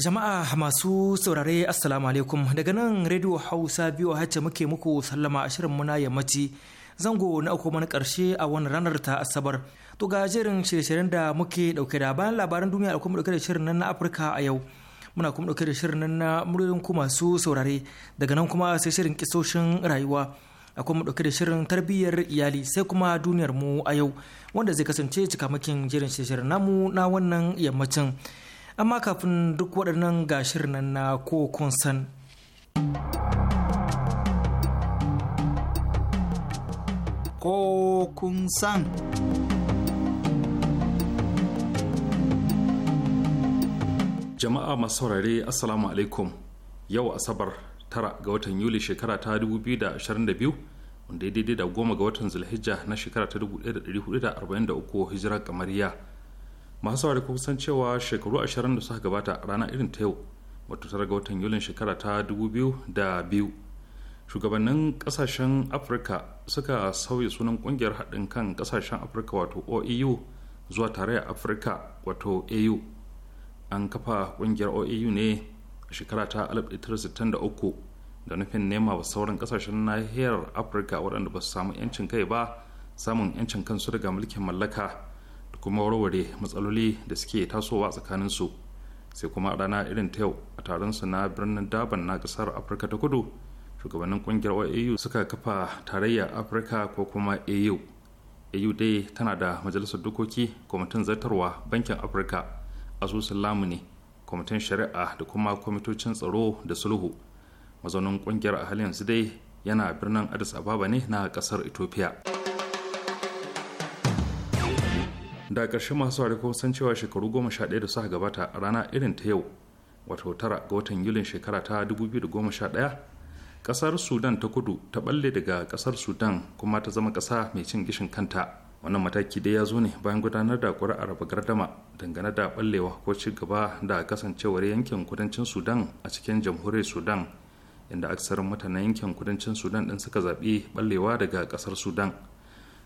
Jama'a masu saurare Assalamu alaikum daga nan Radio Hausa biyu hacce muke muku sallama a shirin muna yammaci zango na uku mana karshe a wani ranar ta Asabar. To ga jerin shirye-shiryen da muke dauke da bayan labaran duniya da kuma dauke da shirin nan na Afirka a yau. Muna kuma dauke da shirin nan na muryoyin ku masu saurare daga nan kuma sai shirin kisoshin rayuwa. A mu dauke da shirin tarbiyyar iyali sai kuma duniyar mu a yau wanda zai kasance cikamakin jerin shirye-shiryen namu na wannan yammacin. amma kafin duk waɗannan gashir nan na ko kun san ko kun san jama'a masu saurare assalamu alaikum yau asabar tara ga watan yuli shekara ta 2022 wanda ya daidai da goma ga watan zulhijja na shekara ta 1443 hijirar kamariya masu saurari ko san cewa shekaru ashirin da suka gabata rana irin ta yau wato tara ga watan yulin shekara ta dubu da biyu shugabannin kasashen afirka suka sauya sunan kungiyar haɗin kan kasashen afirka wato oeu zuwa tarayyar afirka wato au an kafa kungiyar oeu ne a shekara ta 1963 da nufin nema wa sauran kasashen nahiyar afirka waɗanda ba su samu 'yancin kai ba samun 'yancin kansu daga mulkin mallaka kuma warware matsaloli da suke tasowa tsakanin su sai kuma a rana irin ta yau a taron su na birnin daban na kasar afirka ta kudu shugabannin kungiyar au suka kafa tarayya afirka ko kuma au au dai tana da majalisar dokoki kwamitin zartarwa bankin afirka asusun lamuni kwamitin shari'a da kuma kwamitocin tsaro da sulhu mazaunin kungiyar a halin su dai yana birnin addis ababa ne na kasar ethiopia da ƙarshe masu ware sun cewa shekaru goma sha ɗaya da suka gabata a rana irin ta yau wato tara ga watan yulin shekara ta goma sha daya ƙasar sudan ta kudu ta balle daga ƙasar sudan kuma ta zama ƙasa mai cin gishin kanta wannan mataki dai ya zo ne bayan gudanar da ƙuri'ar raba gardama dangane da ɓallewa ko ci gaba da kasancewar yankin kudancin sudan a cikin jamhuriyar sudan inda aksarin mutanen yankin kudancin sudan ɗin suka zaɓi ɓallewa daga ƙasar sudan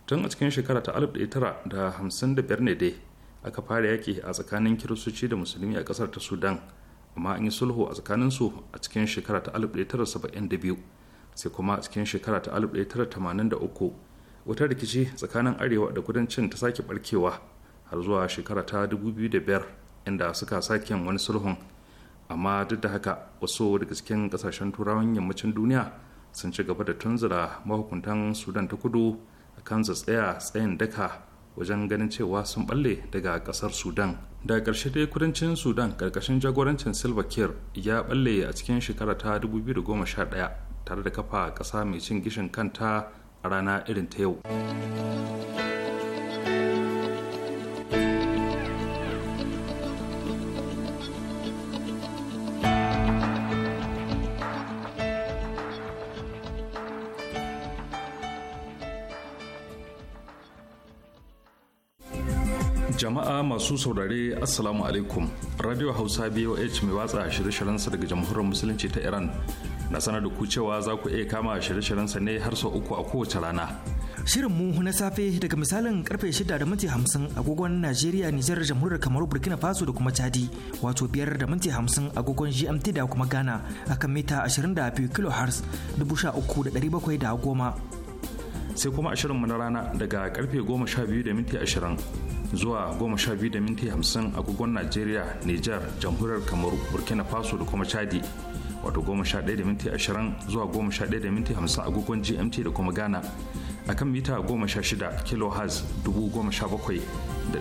tun a cikin shekara ta 1955 ne dai aka fara yaki a tsakanin kiristoci da musulmi a ƙasar ta sudan amma an yi sulhu a tsakaninsu a cikin shekara ta 1972 sai kuma a cikin shekara ta 1983 wata rikici tsakanin arewa da kudancin ta sake barkewa har zuwa shekara ta 2005 inda suka sake wani sulhun amma duk da haka wasu daga cikin kasashen turawan yammacin duniya sun ci gaba da tunzura mahukuntan sudan ta kudu akan su tsaya tsayin daka wajen ganin cewa sun balle daga kasar sudan daga ƙarshe dai kudancin sudan ƙarƙashin jagorancin silva kir ya balle a cikin shekara ta 2011 tare da kafa ƙasa mai cin gishin kanta a rana irin ta yau jama'a masu saurare assalamu alaikum radio hausa boh mai watsa shirye sa daga jamhuriyar musulunci ta iran na sanar da ku cewa za ku iya kama shirye-shiryensa ne har sau uku a kowace rana Shirinmu na safe daga misalin karfe shida da minti 50 agogon Najeriya, Nijar, Jamhuriyar Kamaru, Burkina Faso da kuma Chadi, wato biyar da minti 50 agogon GMT da kuma Ghana akan mita ashirin da da bakwai da 13,710. sai kuma a shirinmu na rana daga karfe 12:20 zuwa 12:50 a agogon najeriya niger jamhuriyar kamaru burkina faso da kuma chadi wato 11.20 zuwa 11.50 a agogon gmt da kuma ghana a kan mita 16 sha shida kilohertz da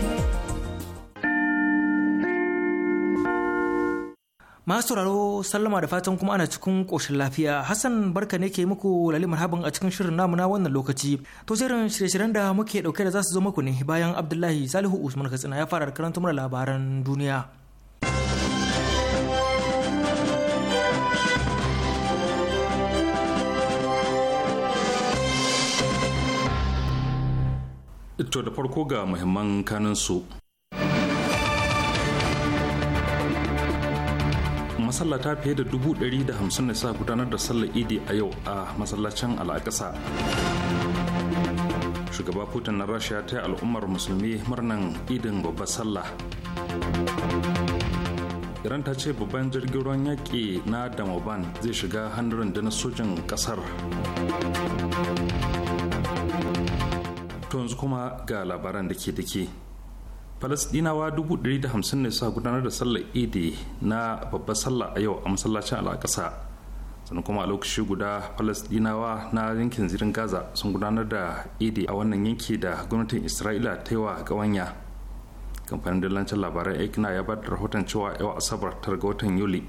masu sauraro sallama da fatan kuma ana cikin koshin lafiya hassan barka ne ke muku lalimar habin a cikin shirin namu na wannan lokaci to shirin shirye-shiryen da muke ɗauke da za su zo muku ne bayan abdullahi salihu usman katsina ya fara karanta mura labaran duniya to da farko ga muhimman kanin ta fiye da dubu ɗari da hamsin ne suka gudanar da sallar idi a yau a masallacin al'aƙasa shugaba putin na rasha ta yi al'ummar musulmi murnan idin babbar sallah iran ta ce babban jirgin ruwan yaƙi na damoban zai shiga hannun dana sojin ƙasar to yanzu kuma ga labaran da ke dake falasdinawa 150 ne suka gudanar da sallar ede na babbar sallah a yau a masallacin al'akasa sannan kuma a lokaci guda falasdinawa na yankin zirin gaza sun gudanar da ede a wannan yanki da gwamnatin isra'ila ta yi wa gawanya kamfanin dillancin labaran ekna ya ba da rahoton cewa yau asabar tar ga watan yuli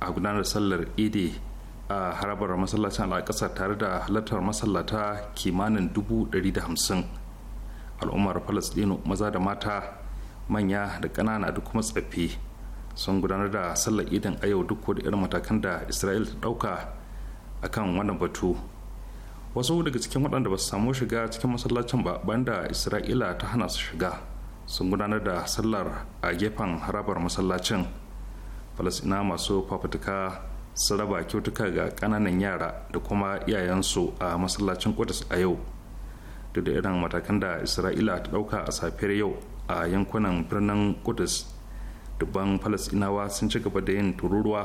a gudanar da sallar ede a harabar masallacin al'akasa tare da halartar masallata kimanin dubu da hamsin al'ummar falasdino maza da mata manya da ƙanana da kuma tsaffi sun gudanar da sallar idin a yau duk da irin matakan da isra'il ta ɗauka a kan wannan batu wasu daga cikin waɗanda ba su samu shiga cikin masallacin ba bayan da isra'ila ta hana su shiga sun gudanar da sallar a gefen harabar masallacin falasina masu fafutuka su raba kyautuka ga ƙananan yara da kuma iyayensu a masallacin kudus a yau duk da irin matakan da isra'ila ta ɗauka a safiyar yau a yankunan birnin kudus dubban falasinawa sun ci gaba da yin tururuwa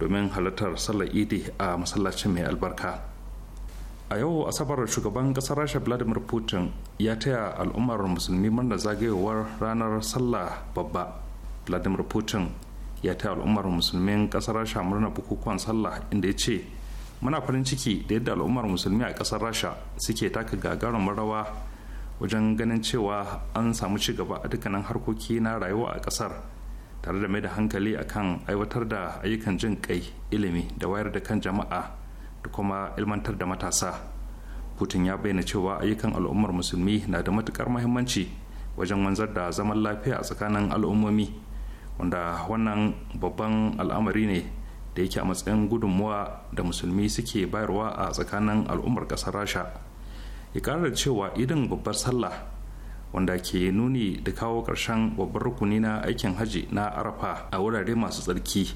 domin halartar sallar idi a masallacin mai albarka a yau asabar shugaban kasar rasha vladimir putin ya taya al'ummar musulmi murnar zagayowar ranar sallah babba vladimir putin ya taya al'ummar musulmin kasar rasha murnar bukukuwan sallah inda ya ce muna farin ciki da yadda al'ummar musulmi a kasar rasha suke taka gagarumin rawa wajen ganin cewa an samu ci gaba a dukkanin harkoki na rayuwa a kasar tare da mai da hankali akan aiwatar da ayyukan jin kai ilimi da wayar da kan jama'a da kuma ilmantar da matasa putin ya bayyana cewa ayyukan al'ummar musulmi na da matukar muhimmanci wajen wanzar da zaman lafiya a tsakanin al'ummomi wanda wannan babban al'amari ne da yake a matsayin gudunmuwa da musulmi suke bayarwa a tsakanin al'ummar ƙasar rasha ya ƙara cewa idan babbar sallah wanda ke nuni da kawo ƙarshen babbar rukuni na aikin haji na arafa a wurare masu tsarki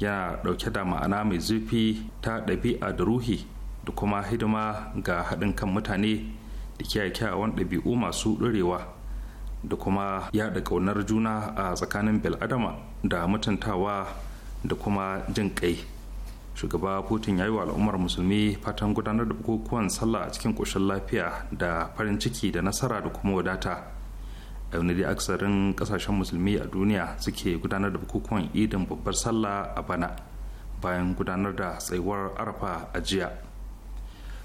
yana ɗauke da ma'ana mai zurfi ta ɗabi'a da ruhi da kuma hidima ga haɗin kan mutane da kyakkyawan ɗabi'u masu ɗorewa da kuma yaɗa ƙaunar juna a tsakanin bil'adama da mutuntawa da kuma jin ƙai. shugaba putin ya yi wa al'ummar musulmi fatan gudanar da bukukuwan sallah a cikin ƙoshin lafiya da farin ciki da nasara da kuma wadata a yau dai aksarin kasashen musulmi a duniya suke gudanar da bukukuwan idin babbar sallah a bana bayan gudanar da tsayuwar arafa a jiya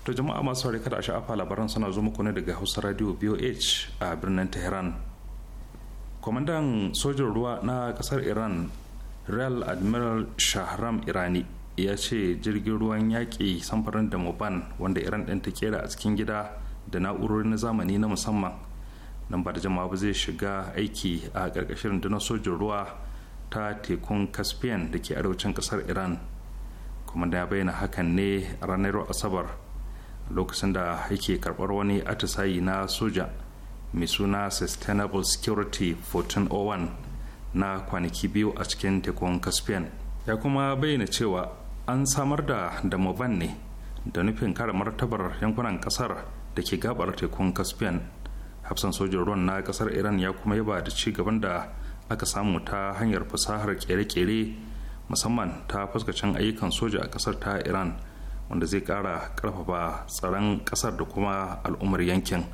to jama'a masu sauri kada a sha'afa labaran suna zo muku ne daga hausa radio boh a birnin tehran kwamandan sojin ruwa na kasar iran real admiral shahram irani ya ce jirgin ruwan yaƙi samfarin da moban wanda iran ɗin ta kera a cikin gida da na'urori na zamani na musamman nan ba da jama'a ba zai shiga aiki a ƙarƙashin dana sojin ruwa ta tekun caspian da ke arewacin ƙasar iran kuma da ya bayyana hakan ne a ranar asabar lokacin da yake karɓar wani atisayi na soja mai suna sustainable security 1401 na kwanaki biyu a cikin tekun caspian ya kuma bayyana cewa an samar da moban ne da nufin kare martabar yankunan kasar da ke gabar tekun caspian hafsan sojin ruwan na kasar iran ya kuma yaba da ci gaban da aka samu ta hanyar fasahar kere-kere musamman ta fuskacin ayyukan soja a kasar ta iran wanda zai kara karfafa tsaron kasar da kuma al'ummar yankin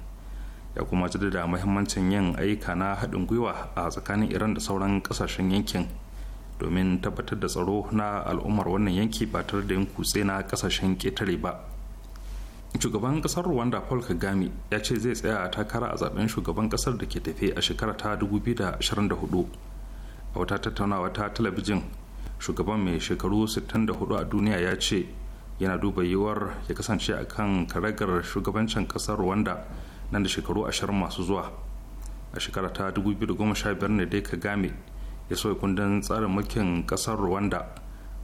ya kuma jaddada muhimmancin yin ayyuka na haɗin gwiwa a tsakanin iran da sauran kasashen yankin domin tabbatar da tsaro na al'ummar wannan yanki ba tare da yin kutse na kasashen ƙetare ba shugaban ƙasar rwanda paul kagame ya ce zai tsaya a takara a zaben shugaban ƙasar da ke tafe a shekara ta 2024 a wata tattaunawa ta talabijin shugaban mai shekaru 64 a duniya ya ce yana duba yiwuwar ya kasance a kan karagar shugabancin kasar rwanda nan da shekaru 20 masu zuwa a shekara ta 2015 ne dai kagame ya soya kundin tsarin mulkin kasar rwanda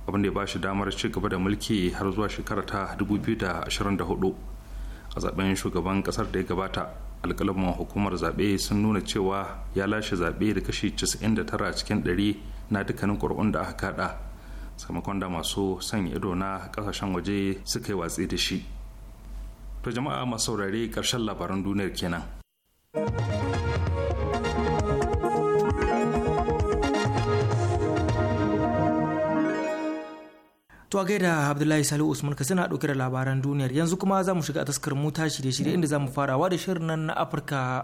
abinda ya ba shi damar ci gaba da mulki har zuwa shekara ta 2024 a zaben shugaban kasar da ya gabata alkalamin hukumar zaɓe sun nuna cewa ya lashe zaɓe da kashi 99 cikin 100 na dukkanin ƙuri'un da aka kada sakamakon da masu son ido na kasashen waje suka yi watsi da shi to jama'a masu saurare ƙarshen labaran duniyar kenan To a gaida Abdullahi Salihu Usman ka suna ɗauke da labaran duniyar yanzu kuma za mu shiga a taskar mota shirye-shirye inda za mu farawa da shirin nan na Afirka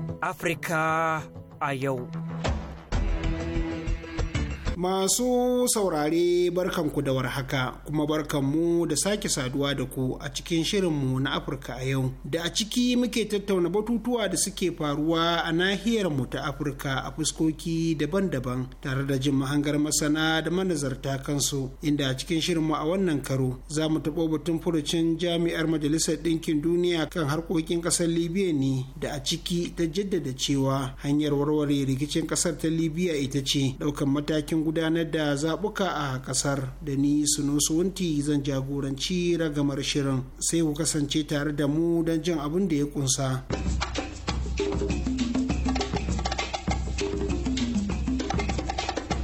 a yau. Afirka a yau. masu saurare barkanku da warhaka kuma barkanmu da sake saduwa da ku a cikin shirin mu na Afirka a yau da a ciki muke tattauna batutuwa da suke faruwa a nahiyar mu ta Afirka a fuskoki daban-daban tare da jin mahangar masana da manazarta kansu inda a cikin mu a wannan karo za mu taɓo batun furucin jami'ar Majalisar Ɗinkin Duniya kan harkokin ƙasar Libya ne da a ciki ta jaddada cewa hanyar warware rikicin ƙasar ta Libya ita ce ɗaukan matakin gudanar da zaɓuka a ƙasar da ni suno wunti zan jagoranci ragamar shirin sai ku kasance tare da mu don jin abin da ya ƙunsa.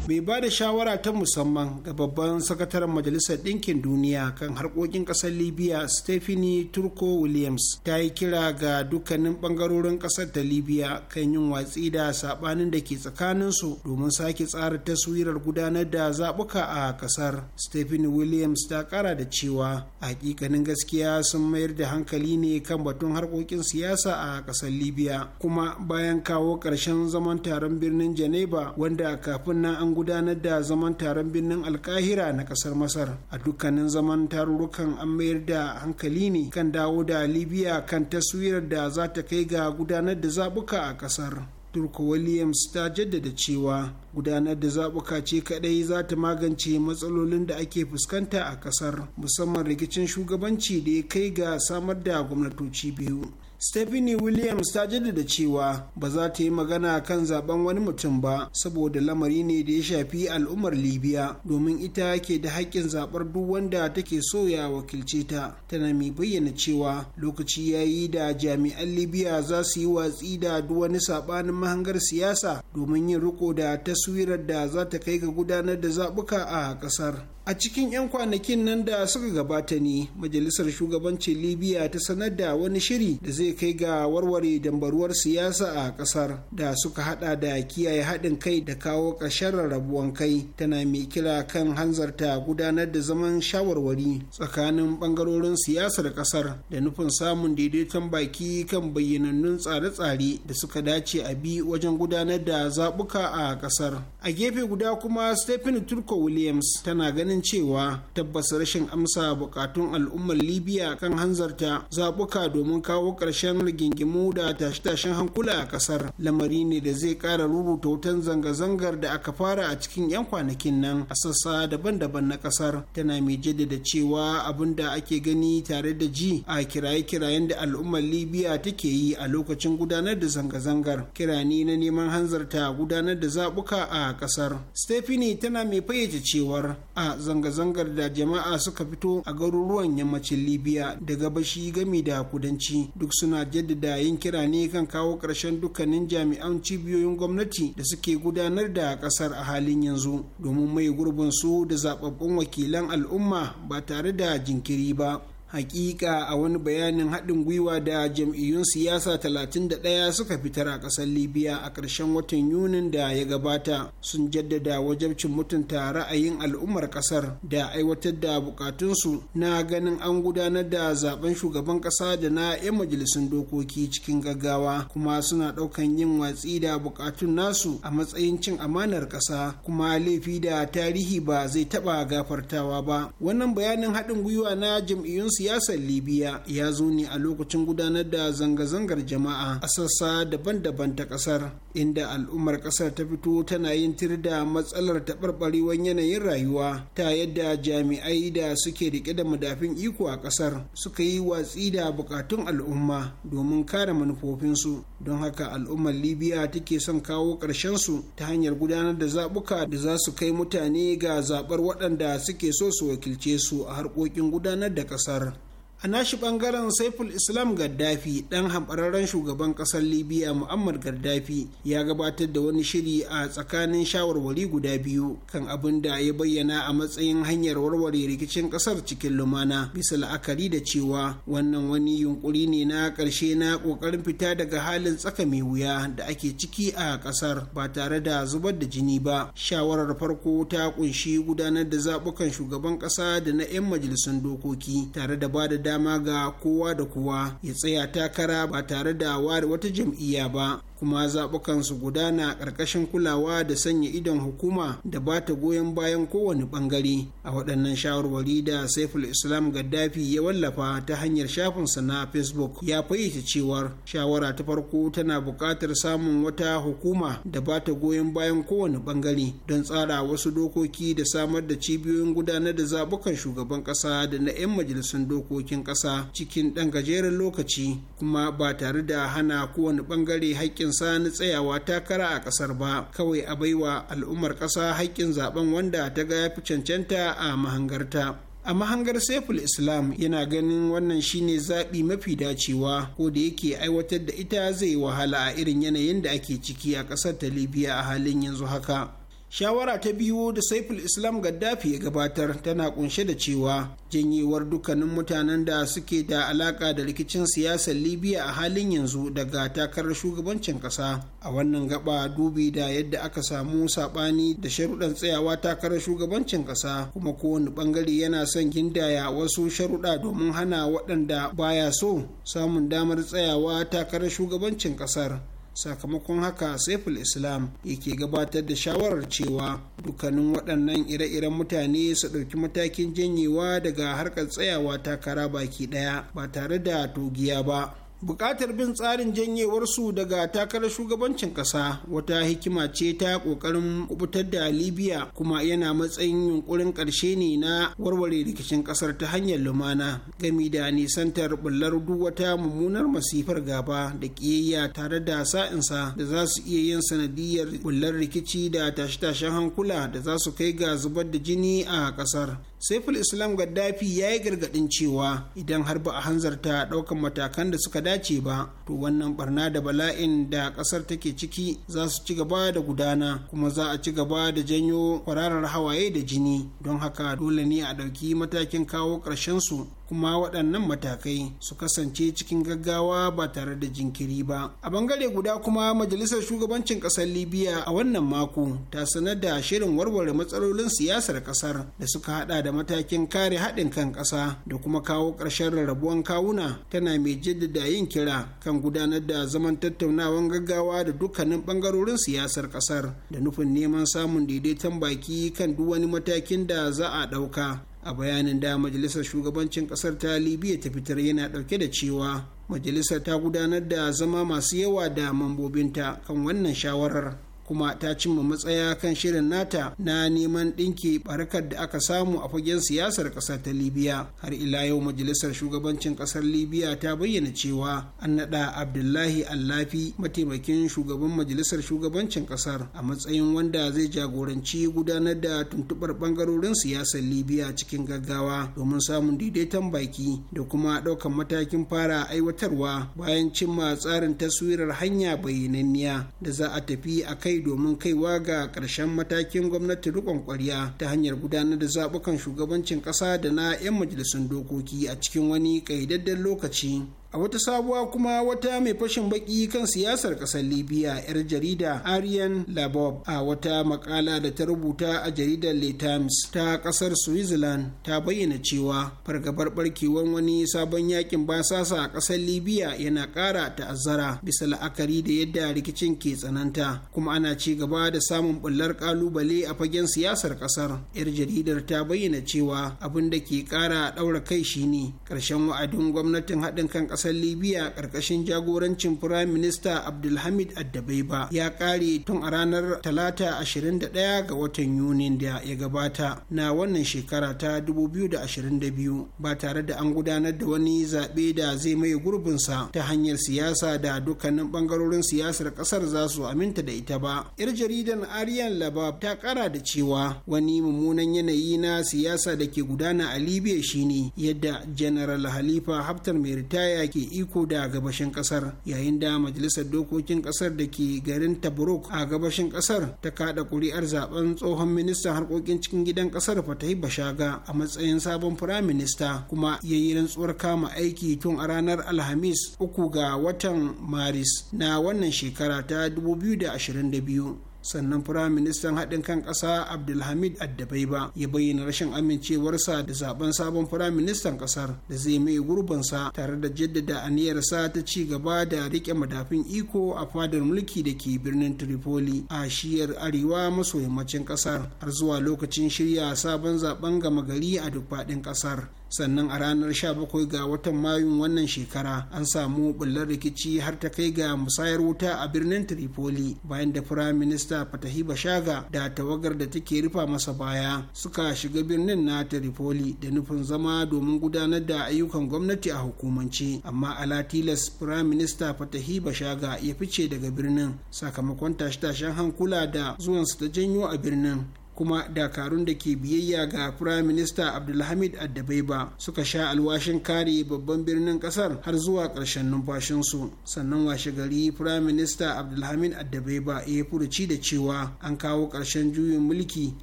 bai ba da shawara ta musamman ga babban sakataren majalisar ɗinkin duniya kan harkokin ƙasar libya stephanie turko williams ta yi kira ga dukkanin bangarorin ƙasar ta libya kan yin watsi da saɓanin da ke tsakanin su domin sake tsara taswirar gudanar da zaɓuka a ƙasar stephanie williams ta ƙara da cewa hakikanin gaskiya sun mayar da hankali ne kan batun harkokin siyasa a ƙasar libya kuma bayan kawo ƙarshen zaman taron birnin geneva wanda kafin na an gudanar da zaman taron birnin alkahira na kasar masar a dukkanin zaman tarurrukan an mayar da hankali ne kan dawo da libya kan taswirar da za ta kai ga gudanar da zabuka a kasar turko williams ta jaddada cewa gudanar da zabuka ce kadai za ta magance matsalolin da ake fuskanta a kasar musamman rikicin shugabanci da ya kai ga samar da gwamnatoci biyu Stephanie Williams ta jaddada cewa ba za ta yi magana kan zaben wani mutum ba saboda lamari ne da ya shafi al'ummar Libya domin ita ke da haƙƙin zaɓar duk wanda take so ya wakilce ta. Tana mai bayyana cewa lokaci ya yi da jami'an Libya za su yi watsi da duk wani saɓanin mahangar siyasa domin yin riko da taswirar da za ta kai ga gudanar da zaɓuka a ƙasar. a cikin 'yan kwanakin nan da suka gabata ne majalisar shugabancin libya ta sanar da wani shiri da zai kai ga warware dambaruwar siyasa a kasar da suka hada da kiyaye haɗin kai da kawo ƙarshen rarrabuwan kai tana mai kira kan hanzarta gudanar da zaman shawarwari tsakanin ɓangarorin siyasar kasar da nufin samun daidaiton baki kan bayyanannun tsare-tsare da suka dace a bi wajen gudanar da zaɓuka a kasar a gefe guda kuma stephen turko williams tana ganin kan cewa tabbas rashin amsa bukatun al'ummar libya kan hanzarta zaɓuka domin kawo ƙarshen rigingimu da tashe-tashen hankula a ƙasar lamari ne da zai ƙara rubuta wutan zanga-zangar da aka fara a cikin 'yan kwanakin nan a sassa daban-daban na ƙasar tana mai jaddada cewa abin da ake gani tare da ji a kiraye-kirayen da al'ummar libya take yi a lokacin gudanar da zanga-zangar kirani na neman hanzarta gudanar da zaɓuka a ƙasar stephanie tana mai fayyace cewar a zanga-zangar da jama'a suka fito a garuruwan yammacin libya da bashi gami da kudanci duk suna jaddada yin kira ne kan kawo ƙarshen dukkanin jami'an cibiyoyin gwamnati da suke gudanar da ƙasar a halin yanzu domin mai gurbin su da zababbun wakilan al'umma ba tare da jinkiri ba hakika a wani bayanin haɗin gwiwa da jam'iyyun siyasa 31 suka fitar a ƙasar libya a ƙarshen watan yunin da ya gabata sun jaddada wajabcin mutunta ra'ayin al'ummar ƙasar da aiwatar da bukatunsu na ganin an gudanar da zaben shugaban ƙasa da na 'yan majalisun dokoki cikin gaggawa kuma suna ɗaukan yin watsi da buƙatun nasu a matsayin cin amanar ƙasa kuma laifi da tarihi ba zai taɓa gafartawa ba wannan bayanin haɗin gwiwa na jam'iyyun siyasar libya ya zo ne a lokacin gudanar da zanga-zangar jama'a a sassa daban-daban ta kasar inda al'ummar kasar ta fito tana yin tir da matsalar taɓarɓarewar yanayin rayuwa ta yadda jami'ai da suke rike da madafin iko a ƙasar suka yi watsi da bukatun al'umma domin kare manufofinsu don haka al'ummar libya take son kawo su ta hanyar gudanar da zaɓuka da za su kai mutane ga zaɓar waɗanda suke so su wakilce su a harkokin gudanar da ƙasar. a nashi bangaren saiful islam gaddafi dan hambararren shugaban ƙasar libya Muhammad gaddafi ya gabatar da wani shiri a tsakanin shawarwari guda biyu kan abin da ya bayyana a matsayin hanyar warware rikicin ƙasar cikin lumana bisa la'akari da cewa wannan wani yunkuri ne na ƙarshe na ƙoƙarin fita daga halin tsaka mai wuya da ake ciki a ƙasar, ba tare da zubar da jini ba shawarar farko ta kunshi gudanar da zaɓukan shugaban ƙasa da na 'yan majalisun dokoki tare da bada da dama ga kowa da kowa ya tsaya takara ba tare da ware wata jam'iyya ba kuma zaɓukan su gudana ƙarƙashin kulawa da sanya idon hukuma da ba ta goyon bayan kowane ɓangare a waɗannan shawarwari da saiful islam gaddafi ya wallafa ta hanyar shafinsa na facebook ya fayyace cewar shawara ta farko tana buƙatar samun wata hukuma da ba ta goyon bayan kowane ɓangare don tsara wasu dokoki da samar da cibiyoyin gudanar da zaɓukan shugaban ƙasa da na 'yan majalisun dokokin ƙasa cikin ɗan gajeren lokaci kuma ba tare da hana kowane ɓangare haƙƙin haƙƙinsa sani tsayawa takara a ƙasar ba kawai a baiwa al'ummar ƙasa haƙƙin zaben wanda ta ga ya fi cancanta a mahangarta a mahangar saiful islam yana ganin wannan shine zaɓi mafi dacewa ko da yake aiwatar da ita zai wahala a irin yanayin da ake ciki a ƙasar ta libya a halin yanzu haka shawara ta biyu da saiful islam gaddafi ya gabatar tana kunshe da cewa janyewar dukkanin mutanen da suke da alaka da rikicin siyasar libya a halin yanzu daga takarar shugabancin kasa a wannan gaba dubi da yadda aka samu sabani da sharuɗan tsayawa takarar shugabancin kasa kuma kowane bangare yana son gindaya wasu sharuɗa domin hana waɗanda baya so samun damar tsayawa takarar shugabancin ƙasar. sakamakon haka saiful islam yake gabatar da shawarar cewa dukkanin waɗannan ire-iren mutane su ɗauki matakin janyewa daga harkar tsayawa takara baki ɗaya ba tare da togiya ba bukatar bin tsarin janyewarsu daga takarar shugabancin ƙasa wata hikima ce ta ƙoƙarin kubutar da libya kuma yana matsayin yunkurin ƙarshe ne na warware rikicin ƙasar ta hanyar lumana gami da nisantar bullar duk wata mummunar masifar gaba da ƙiyayya tare da sa'insa da za su iya yin sanadiyar bullar rikici da tashe-tashen hankula da za su kai ga zubar da jini a ƙasar saiful islam gaddafi ya yi gargaɗin cewa idan har ba a hanzarta ɗaukan matakan da suka dace ba to wannan barna da bala'in da ƙasar take ciki za su ci gaba da gudana kuma za a ci gaba da janyo kwararar hawaye da jini don haka dole ne a ɗauki matakin kawo ƙarshen su kuma waɗannan matakai su kasance cikin gaggawa ba tare da jinkiri ba a bangare guda kuma majalisar shugabancin ƙasar libya a wannan mako ta sanar da shirin warware matsalolin siyasar ƙasar da suka hada da matakin kare haɗin kan ƙasa da kuma kawo ƙarshen rarrabuwan kawuna tana mai jaddada yin kira kan gudanar da zaman tattaunawan gaggawa da dukkanin ɓangarorin siyasar ƙasar da nufin neman samun daidaiton baki kan duk wani matakin da za a ɗauka a bayanin da majalisar shugabancin kasar ta libya ta fitar yana dauke da cewa majalisar ta gudanar da zama masu yawa da mambobinta kan wannan shawarar kuma ta cimma matsaya kan shirin nata na neman ɗinki barkar da aka samu a fagen siyasar ƙasar ta libya har ila yau majalisar shugabancin ƙasar libya ta bayyana cewa an naɗa abdullahi allafi mataimakin shugaban majalisar shugabancin ƙasar a matsayin wanda zai jagoranci gudanar da tuntuɓar ɓangarorin siyasar libya cikin gaggawa domin samun daidaiton baki da kuma ɗaukan matakin fara aiwatarwa bayan cimma tsarin taswirar hanya bayyananniya da za a tafi a kai kai domin kaiwa ga ƙarshen matakin gwamnati rikon kwarya ta hanyar gudanar da zaɓukan shugabancin ƙasa da na 'yan majalisun dokoki a cikin wani ƙayyadadden lokaci a wata sabuwa kuma wata mai fashin baki kan siyasar kasar libya yar jarida arian labob a wata makala da ta rubuta a jaridar le times ta kasar switzerland ta bayyana cewa fargabar barkewar wani sabon yakin basasa a kasar libya yana kara ta'azzara bisa la'akari da yadda rikicin ke tsananta kuma ana ci gaba da samun bullar kalubale a fagen siyasar kasar yar jaridar ta bayyana cewa abin da ke kara daura kai shine karshen wa'adin gwamnatin haɗin kan ƙasar libya ƙarƙashin jagorancin firayim minista abdulhamid addabai ya ƙare tun a ranar talata 21 ga watan yuni da ya gabata na wannan shekara ta 2022 ba tare da an gudanar da wani zaɓe da zai mai gurbinsa ta hanyar siyasa da dukkanin ɓangarorin siyasar ƙasar za su aminta da ita ba yar jaridan aryan labab ta ƙara da cewa wani mummunan yanayi na siyasa da ke gudana a libya shine yadda general halifa haftar mai ritaya ke iko da gabashin kasar yayin da majalisar dokokin kasar da ke garin tabrok a gabashin kasar ta kada kuri'ar zaben tsohon ministan harkokin cikin gidan kasar fatahi bashaga a matsayin sabon firaminista kuma ya yi rantsuwar kama aiki tun a ranar alhamis uku ga watan maris na wannan shekara ta 2022 sannan firaministan haɗin kan ƙasa abdulhamid addabai ba ya bayyana rashin amincewarsa da zaben sabon firaministan ƙasar da zai mai gurbinsa tare da jaddada aniyarsa ta ci gaba da riƙe madafin iko a fadar mulki da ke birnin tripoli a shiyar arewa maso yammacin ƙasar har zuwa lokacin shirya sabon zaben gama gari a duk faɗin ƙasar sannan a ranar 17 ga watan mayun wannan shekara an samu bullar rikici har ta kai ga musayar wuta a birnin tripoli bayan da Firaminista minista fatahi bashaga da tawagar da take rufa masa baya suka shiga birnin na tripoli da nufin zama domin gudanar da ayyukan gwamnati a hukumance amma ala tilas firayim minista fatahi bashaga ya fice daga birnin sakamakon tashe-tashen hankula da zuwansu ta janyo a birnin kuma dakarun da ke biyayya ga firayim minista abdulhamid addabaiba suka sha alwashin kare babban birnin kasar har zuwa ƙarshen numfashinsu sannan washe gari firayim minista abdulhamid addabaiba ya furuci da cewa an kawo ƙarshen juyin mulki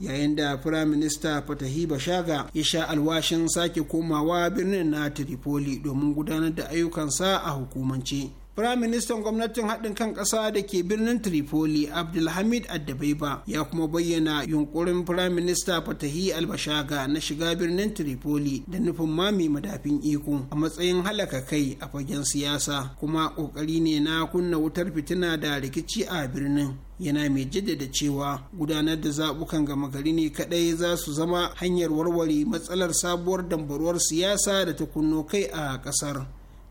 yayin da firayim minista fatahi bashaga ya sha alwashin sake komawa birnin na tripoli domin gudanar da ayyukansa a hukumance Firaministan gwamnatin haɗin kan ƙasa da ke birnin Tripoli Abdulhamid Addabaiba ya kuma bayyana yunkurin Firaminista Fatahi Albashaga na shiga birnin Tripoli da nufin mami madafin iko a matsayin halaka kai a fagen siyasa kuma ƙoƙari ne na kunna wutar fitina da rikici a birnin. yana mai jaddada cewa gudanar da zabukan gama gari ne kaɗai za su zama hanyar warware matsalar sabuwar dambaruwar siyasa da ta kunno kai a ƙasar.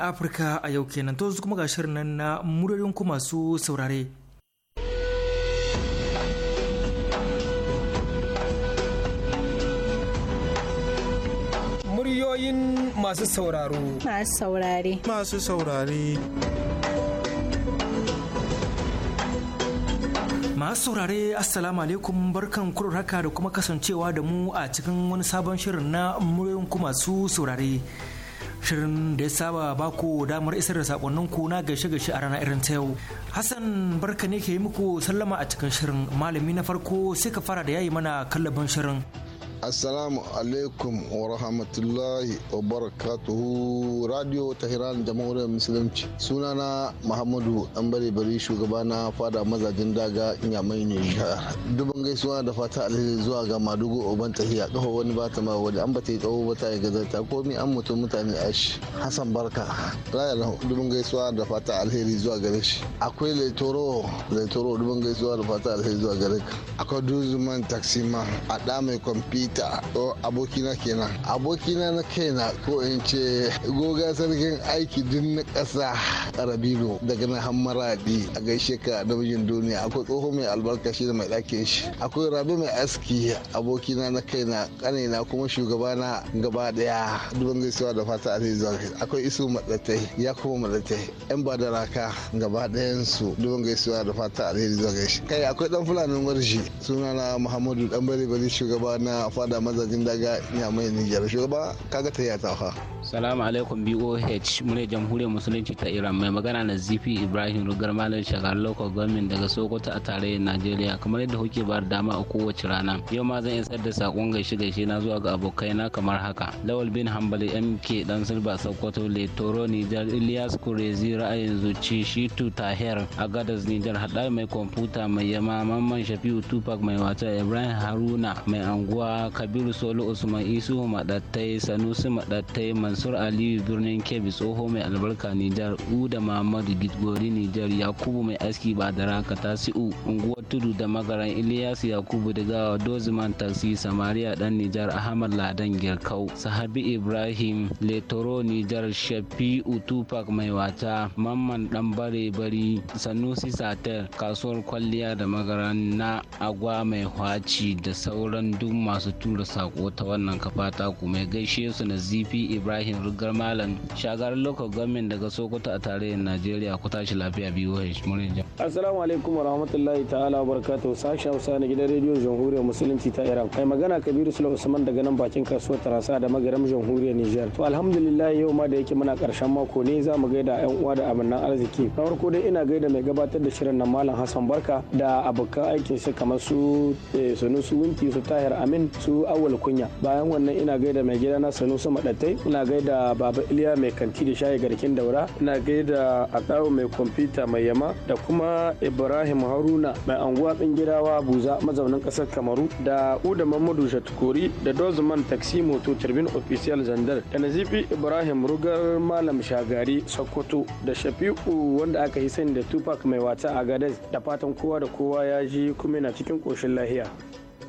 Afirka a yau kenan to kuma ga shirin nan na muryoyin ku masu saurare. Muryoyin masu sauraro. Masu saurare. Masu saurare. masu saurare assalamu alaikum barkan kurraka da kuma kasancewa da mu a cikin wani sabon shirin na muryoyin ku masu saurare. shirin da ya saba baku damar isar da ku na gaishe-gaishe a rana irin ta yau. Hassan barka ne ke yi muku sallama a cikin shirin malami na farko sai ka fara da yayi mana kallabin shirin. Assalamu alaikum wa rahmatullahi wa barakatuhu Radio Tahiran Jamhuriyar Musulunci. Sunana Muhammadu Ambari Bari shugaba na fada mazajen daga mai ne Dubin gaisuwa da fata alheri zuwa ga Madugu Oban Tahiya kafa wani ba ta mawa wani an ba ta yi tsawo ba ta yi gazarta komi an mutum mutane a shi. Hassan Barka. Rayar dubin gaisuwa da fata alheri zuwa gare shi. Akwai Laitoro Laitoro dubin gaisuwa da fata alheri zuwa gare ka. Akwai Duzuman Taksima a ɗa mai kwamfi jita to abokina kenan abokina na kaina ko in ce goga sarkin aiki din na ƙasa rabino daga na hammaradi a gaishe ka da mijin duniya akwai tsoho mai albarka shi da mai ɗakin shi akwai rabi mai aski abokina na kaina ƙanina kuma shugabana gaba ɗaya duban gaisuwa da fata a akwai isu matsatai ya kuma matsatai yan ba da raka gaba ɗayansu duban gaisuwa da fata a kai akwai dan fulanin warji sunana muhammadu dan bari bari shugaba na fada mazajin daga nyamai Nijar shugaba kaga ta yata ha. Salamu alaikum BOH mune jamhuriyar musulunci ta Iran mai magana na zifi Ibrahim Rugar Malam Shagar Local Government daga Sokoto a tarayyar Najeriya kamar yadda kuke ba dama a kowace rana. Yau ma zan isar da sakon gaishe gaishe na zuwa ga abokaina kamar haka. Lawal bin Hambali MK Dan Silba Sokoto Letoro Nijar Ilyas Kurezi ra'ayin zuci Shitu Tahir Agadas Nijar hadar mai kwamfuta mai yama Mamman Shafi'u Tupac mai wata Ibrahim Haruna mai anguwa kabiru solo usman isu madattai sanusi madattai mansur aliyu birnin kebbi tsoho mai albarka nijar uda muhammadu gidgori nijar yakubu mai aski ba da raka unguwar tudu da magaran ilyas yakubu da gawa doziman taksi samariya dan nijar ahmad ladan girkau sahabi ibrahim letoro nijar shafi'u tupac mai wata mamman dan bare bari sanusi satar kasuwar kwalliya da magaran na agwa mai hwaci da sauran duk masu tura sako ta wannan kafa ku mai gaishe su na zp ibrahim rigar malam shagar local government daga sokoto a tarayyar najeriya ku tashi lafiya biyu murin jam assalamu alaikum wa rahmatullahi ta'ala wa barakatuhu sashi hausa na gidan rediyo jamhuriyar musulunci ta iran mai magana kabiru sula usman daga nan bakin kasuwar tarasa da magaram jamhuriyar nijar to alhamdulillah yau ma da yake muna karshen mako ne za mu gaida yan uwa da nan arziki na farko dai ina gaida mai gabatar da shirin nan malam hassan barka da abokan aikin shi kamar su eh, sunusu winti su tahir amin su awal kunya bayan wannan ina gaida mai gida na sanu sama dattai ina gaida baba iliya mai kanti da shayi garkin daura ina gaida adawu mai kwamfuta mai yama da kuma ibrahim haruna mai anguwa gidawa buza mazaunin ƙasar kamaru da uda mamadu shatukuri da dozman taksi moto turbin official zandar da nazifi ibrahim rugar malam shagari sokoto da shafi'u wanda aka yi sani da tupac mai wata a gadas da fatan kowa da kowa ya ji kuma yana cikin koshin lahiya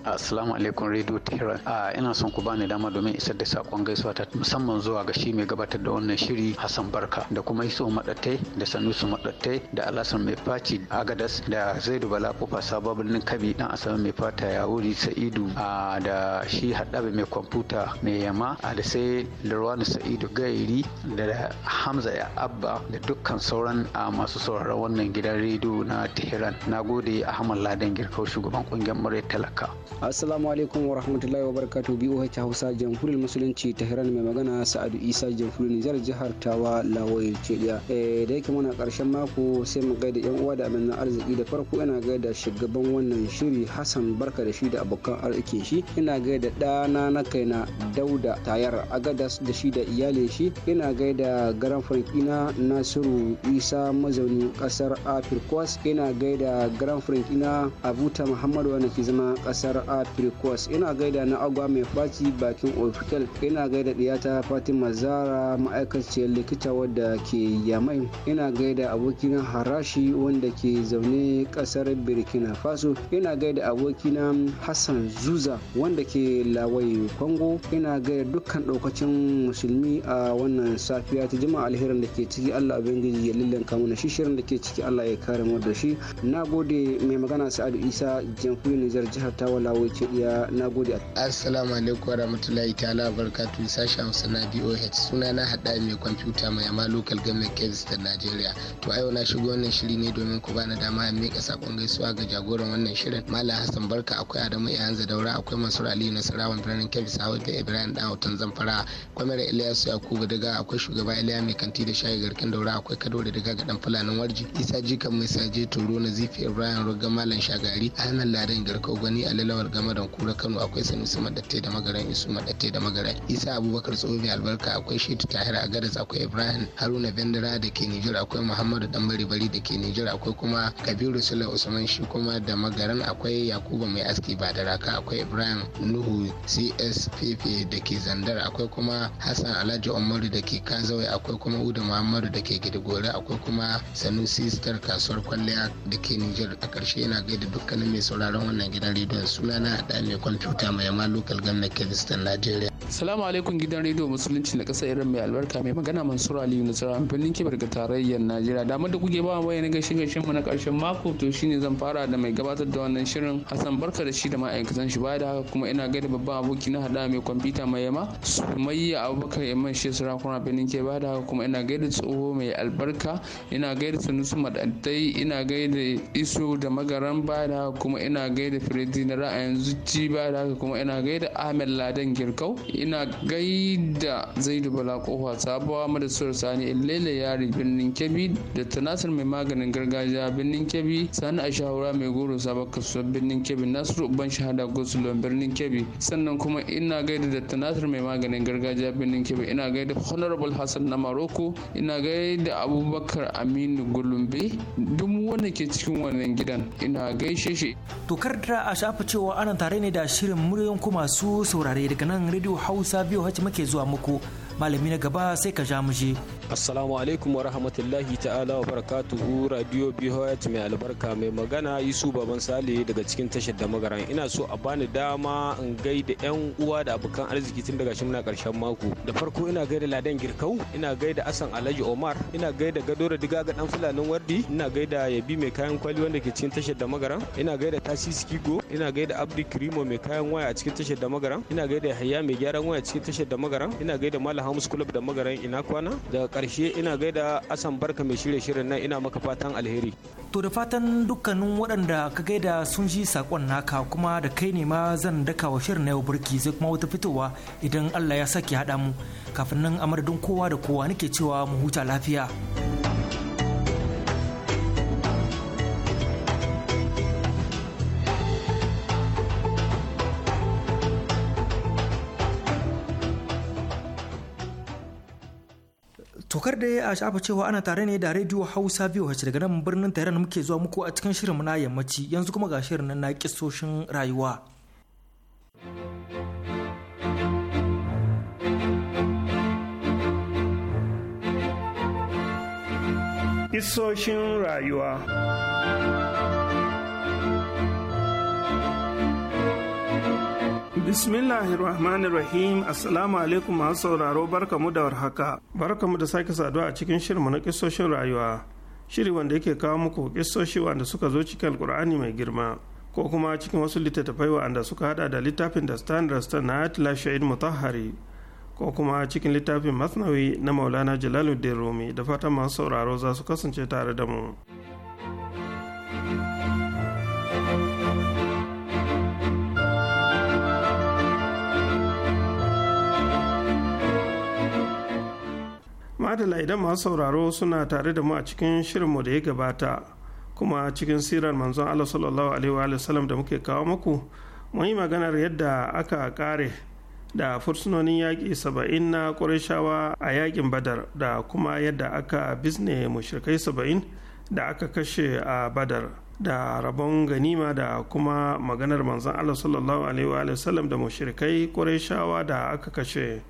Assalamu alaikum Radio Tehran. A ah, ina son ku bani dama domin isar da sakon gaisuwa ta musamman zuwa ga shi mai gabatar da wannan shiri Hassan Barka da kuma Iso Madattai da Sanusu madatai da Alhassan Mai Faci Agadas da Zaidu Bala Kofa Sabon Birnin Kabi dan Asama Mai Fata ya wuri Sa'idu a ah, da shi Haddabe Mai Kwamfuta Mai Yama a da sai Lurwani Sa'idu Gairi da Hamza ya Abba da dukkan sauran a ah, masu sauraron wannan gidan rediyo na Tehran. Na gode Ahmad Ladan Girkau shugaban kungiyar Murai Talaka. assalamu alaikum wa rahmatullahi wa barakatuh biyu ta hausa jamhuriyar musulunci ta tehran mai magana sa'adu isa jamhuriyar nijar jihar tawa lawai cediya eh, da yake muna karshen mako sai mu gaida yan uwa da abinnan arziki da farko ina gaida shugaban wannan shiri hassan barka da shi da abokan arziki shi ina gaida ɗana na kaina dauda tayar agadas da shi da iyalin shi ina gaida garan farkina nasiru isa mazauni kasar afirkwas ina gaida garan farkina abuta muhammadu wanda ke zama kasar pre-course ina gaida na agwa mai faci bakin ofital ina gaida diyata fatima zara ma'aikaciyar likita wadda ke yamai ina gaida abokina harashi wanda ke zaune kasar birkina faso ina gaida abokina hassan zuza wanda ke lawai kwango ina gaida dukkan daukacin musulmi a wannan safiya ta jima alherin da ke ciki allah ubangiji ya kamu na shishirin da ke ciki allah ya kare mu da shi na gode mai magana sa'adu isa jamhuriyar nijar jihar tawala lawo cediya na gode assalamu alaikum warahmatullahi ta'ala barkatu sashen hausa na boh suna na hada mai kwamfuta mai amma local government kebis da nigeria to yau na shigo wannan shiri ne domin ku bani dama a mika sakon gaisuwa ga jagoran wannan shirin malam hassan barka akwai adamu iyanza daura akwai mansur aliyu nasarawan birnin kebis hawa da ibrahim dan hoton zamfara kwamar ilyasu yakubu daga akwai shugaba iliya mai kanti da shayi garkin daura akwai kado da daga gadan fulanin warji isa jikan mai saje toro na zifi ibrahim ruga malam shagari ahmed ladan garkau gani alalawa lawal game da kura kano akwai sanusi madatte da magaran isu madatte da magaran isa abubakar tsobi albarka akwai shetu tahir Gadas akwai ibrahim haruna bendera da ke nijar akwai muhammadu dan bari bari da ke nijar akwai kuma kabiru sula usman shi kuma da magaran akwai yakuba mai aski ba da raka akwai ibrahim nuhu cspp da ke zandar akwai kuma hassan alhaji umaru da ke kazawai akwai kuma uda muhammadu da ke gidigore akwai kuma sanusi star kasuwar kwalliya da ke nijar a ƙarshe yana gaida dukkanin mai sauraron wannan gidan rediyon suna sunana haɗa mai kwamfuta mai yamma local government kevistan nigeria salamu alaikum gidan rediyo musulunci na ƙasar irin mai albarka mai magana masu aliyu na tsara amfanin kibar ga tarayyar najeriya damar da kuke ba wa na gashin gashin mu na ƙarshen mako to shine zan fara da mai gabatar da wannan shirin hassan barka da shi da ma'aikatan shi ba da haka kuma ina gaida babban aboki na hada mai kwamfuta mai yamma sumayya abubakar yamman shi kuma birnin ke ba da haka kuma ina gaida tsoho mai albarka ina gaida sanusu madaddai ina gaida iso da magaran ba da haka kuma ina gaida firedi na ra'ayi yanzu ci ba da haka kuma ina gaida ahmed ladan girkau ina gaida zaidu bala kofa sabuwa madasuwar sani illele yari birnin kebbi da tanasir mai maganin gargajiya birnin kebbi sani a shahura mai goro sabon kasuwar birnin kebbi nasiru uban shahada gosulon birnin kebbi sannan kuma ina gaida da tanasir mai maganin gargajiya birnin kebbi ina gaida honorable hassan na maroko ina gaida abubakar aminu gulumbe duk wanda ke cikin wannan gidan ina gaishe shi to da a shafa cewa cewa ana tare ne da shirin muryoyin ku masu saurare daga nan Radio Hausa biyu hace muke zuwa muku. Malami na gaba sai ka ja mu je. assalamu alaikum wa rahmatullahi ta'ala wa barakatuhu radio bihoyat mai albarka mai magana yusu baban sale daga cikin tashar da magaran ina so a bani dama in gaida yan uwa da abokan arziki tun daga muna karshen mako da farko ina gaida ladan girkau ina gaida asan alhaji omar ina gaida gado da diga ga dan fulanin wardi ina gaida yabi mai kayan kwali wanda ke cikin tashar da magaran ina gaida tasisi kigo ina gaida abdi kirimo mai kayan waya a cikin tashar da magaran ina gaida hayya mai gyaran waya a cikin tashar da magaran ina gaida malam hamus club da magaran ina kwana daga karshe ina gaida asan barka mai shirye shirin nan ina maka fatan alheri to da fatan dukkanin waɗanda ka gaida sun ji sakon naka kuma da kai ne ma zan daka wa shirin na yau burki zai kuma wata fitowa idan Allah ya sake haɗa mu kafin nan a kowa da kowa nake cewa mu huta lafiya. tokar da ya shafa cewa ana tare ne da rediyo hausa biyu VOH daga nan birnin tare muke zuwa muku a cikin shirin na yammaci yanzu kuma ga shirin na kisoshin rayuwa Isoshin rayuwa rahim Assalamu alaikum masu sauraro barkamu da warhaka. Barkamu da sake saduwa a cikin mu na kisoshin rayuwa. Shiri wanda yake kawo muku kisoshi wanda suka zo cikin Alkur'ani mai girma ko kuma cikin wasu littattafai wanda suka hada da littafin da Standard Stan na Atila Shahid Mutahhari ko kuma cikin littafin Masnawi na Maulana Jalaluddin Rumi da fatan masu sauraro za su kasance tare da mu. madala idan masu sauraro suna tare da mu a cikin shirinmu da ya gabata kuma cikin sirar manzon allah sallallahu alaihi wa da muke kawo muku mun yi maganar yadda aka kare da fursunonin yaƙi saba'in na ƙurashawa a yaƙin badar da kuma yadda aka bisne mushrikai saba'in da aka kashe a badar da rabon ganima da kuma maganar manzon allah sallallahu alaihi wa sallam da mushrikai ƙurashawa da aka kashe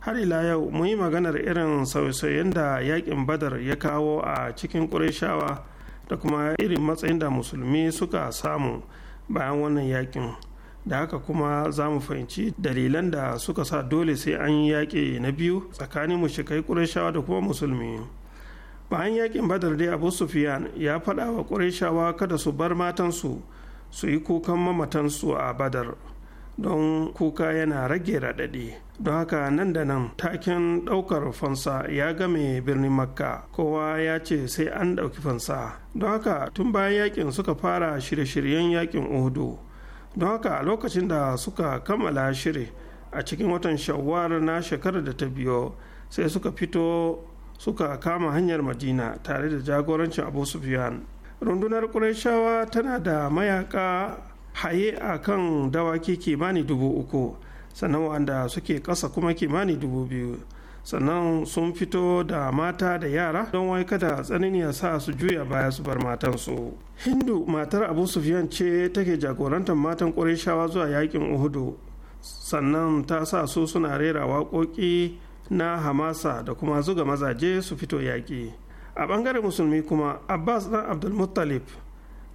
har ila yau mu yi maganar irin sauye-sauyen da yakin badar ya kawo a cikin ƙurashawa da kuma irin matsayin da musulmi suka samu bayan wannan yakin da haka kuma za mu fahimci dalilan da suka sa dole sai an yi yaƙi na biyu tsakanin mushikai ƙurashawa da kuma musulmi bayan yakin badar dai abu sufiyan ya faɗa wa ƙurashawa kada su bar matansu su yi kukan mamatansu a badar don kuka yana rage raɗaɗi don haka nan da nan taken ɗaukar fansa ya game birnin makka kowa ya ce sai an ɗauki fansa don haka tun bayan yakin suka fara shirye-shiryen yakin uhudu don haka a lokacin da suka kammala shiri a cikin watan shawwar na shekarar da ta biyo sai suka fito suka kama hanyar madina tare da jagorancin abu sufyan rundunar ƙurashawa tana da mayaka haye a kan dawaki kimanin dubu uku sannan wanda suke ƙasa kuma kimani dubu biyu sannan sun fito da mata da yara don wai kada tsanani ya sa su juya baya su bar matansu hindu matar abu sufyan ce take jagorantar matan ƙurashawa zuwa yakin uhudu sannan ta sa su suna rera waƙoƙi na hamasa da kuma zuga mazaje su fito yaƙi a ɓangaren musulmi kuma abbas dan abdulmuttalib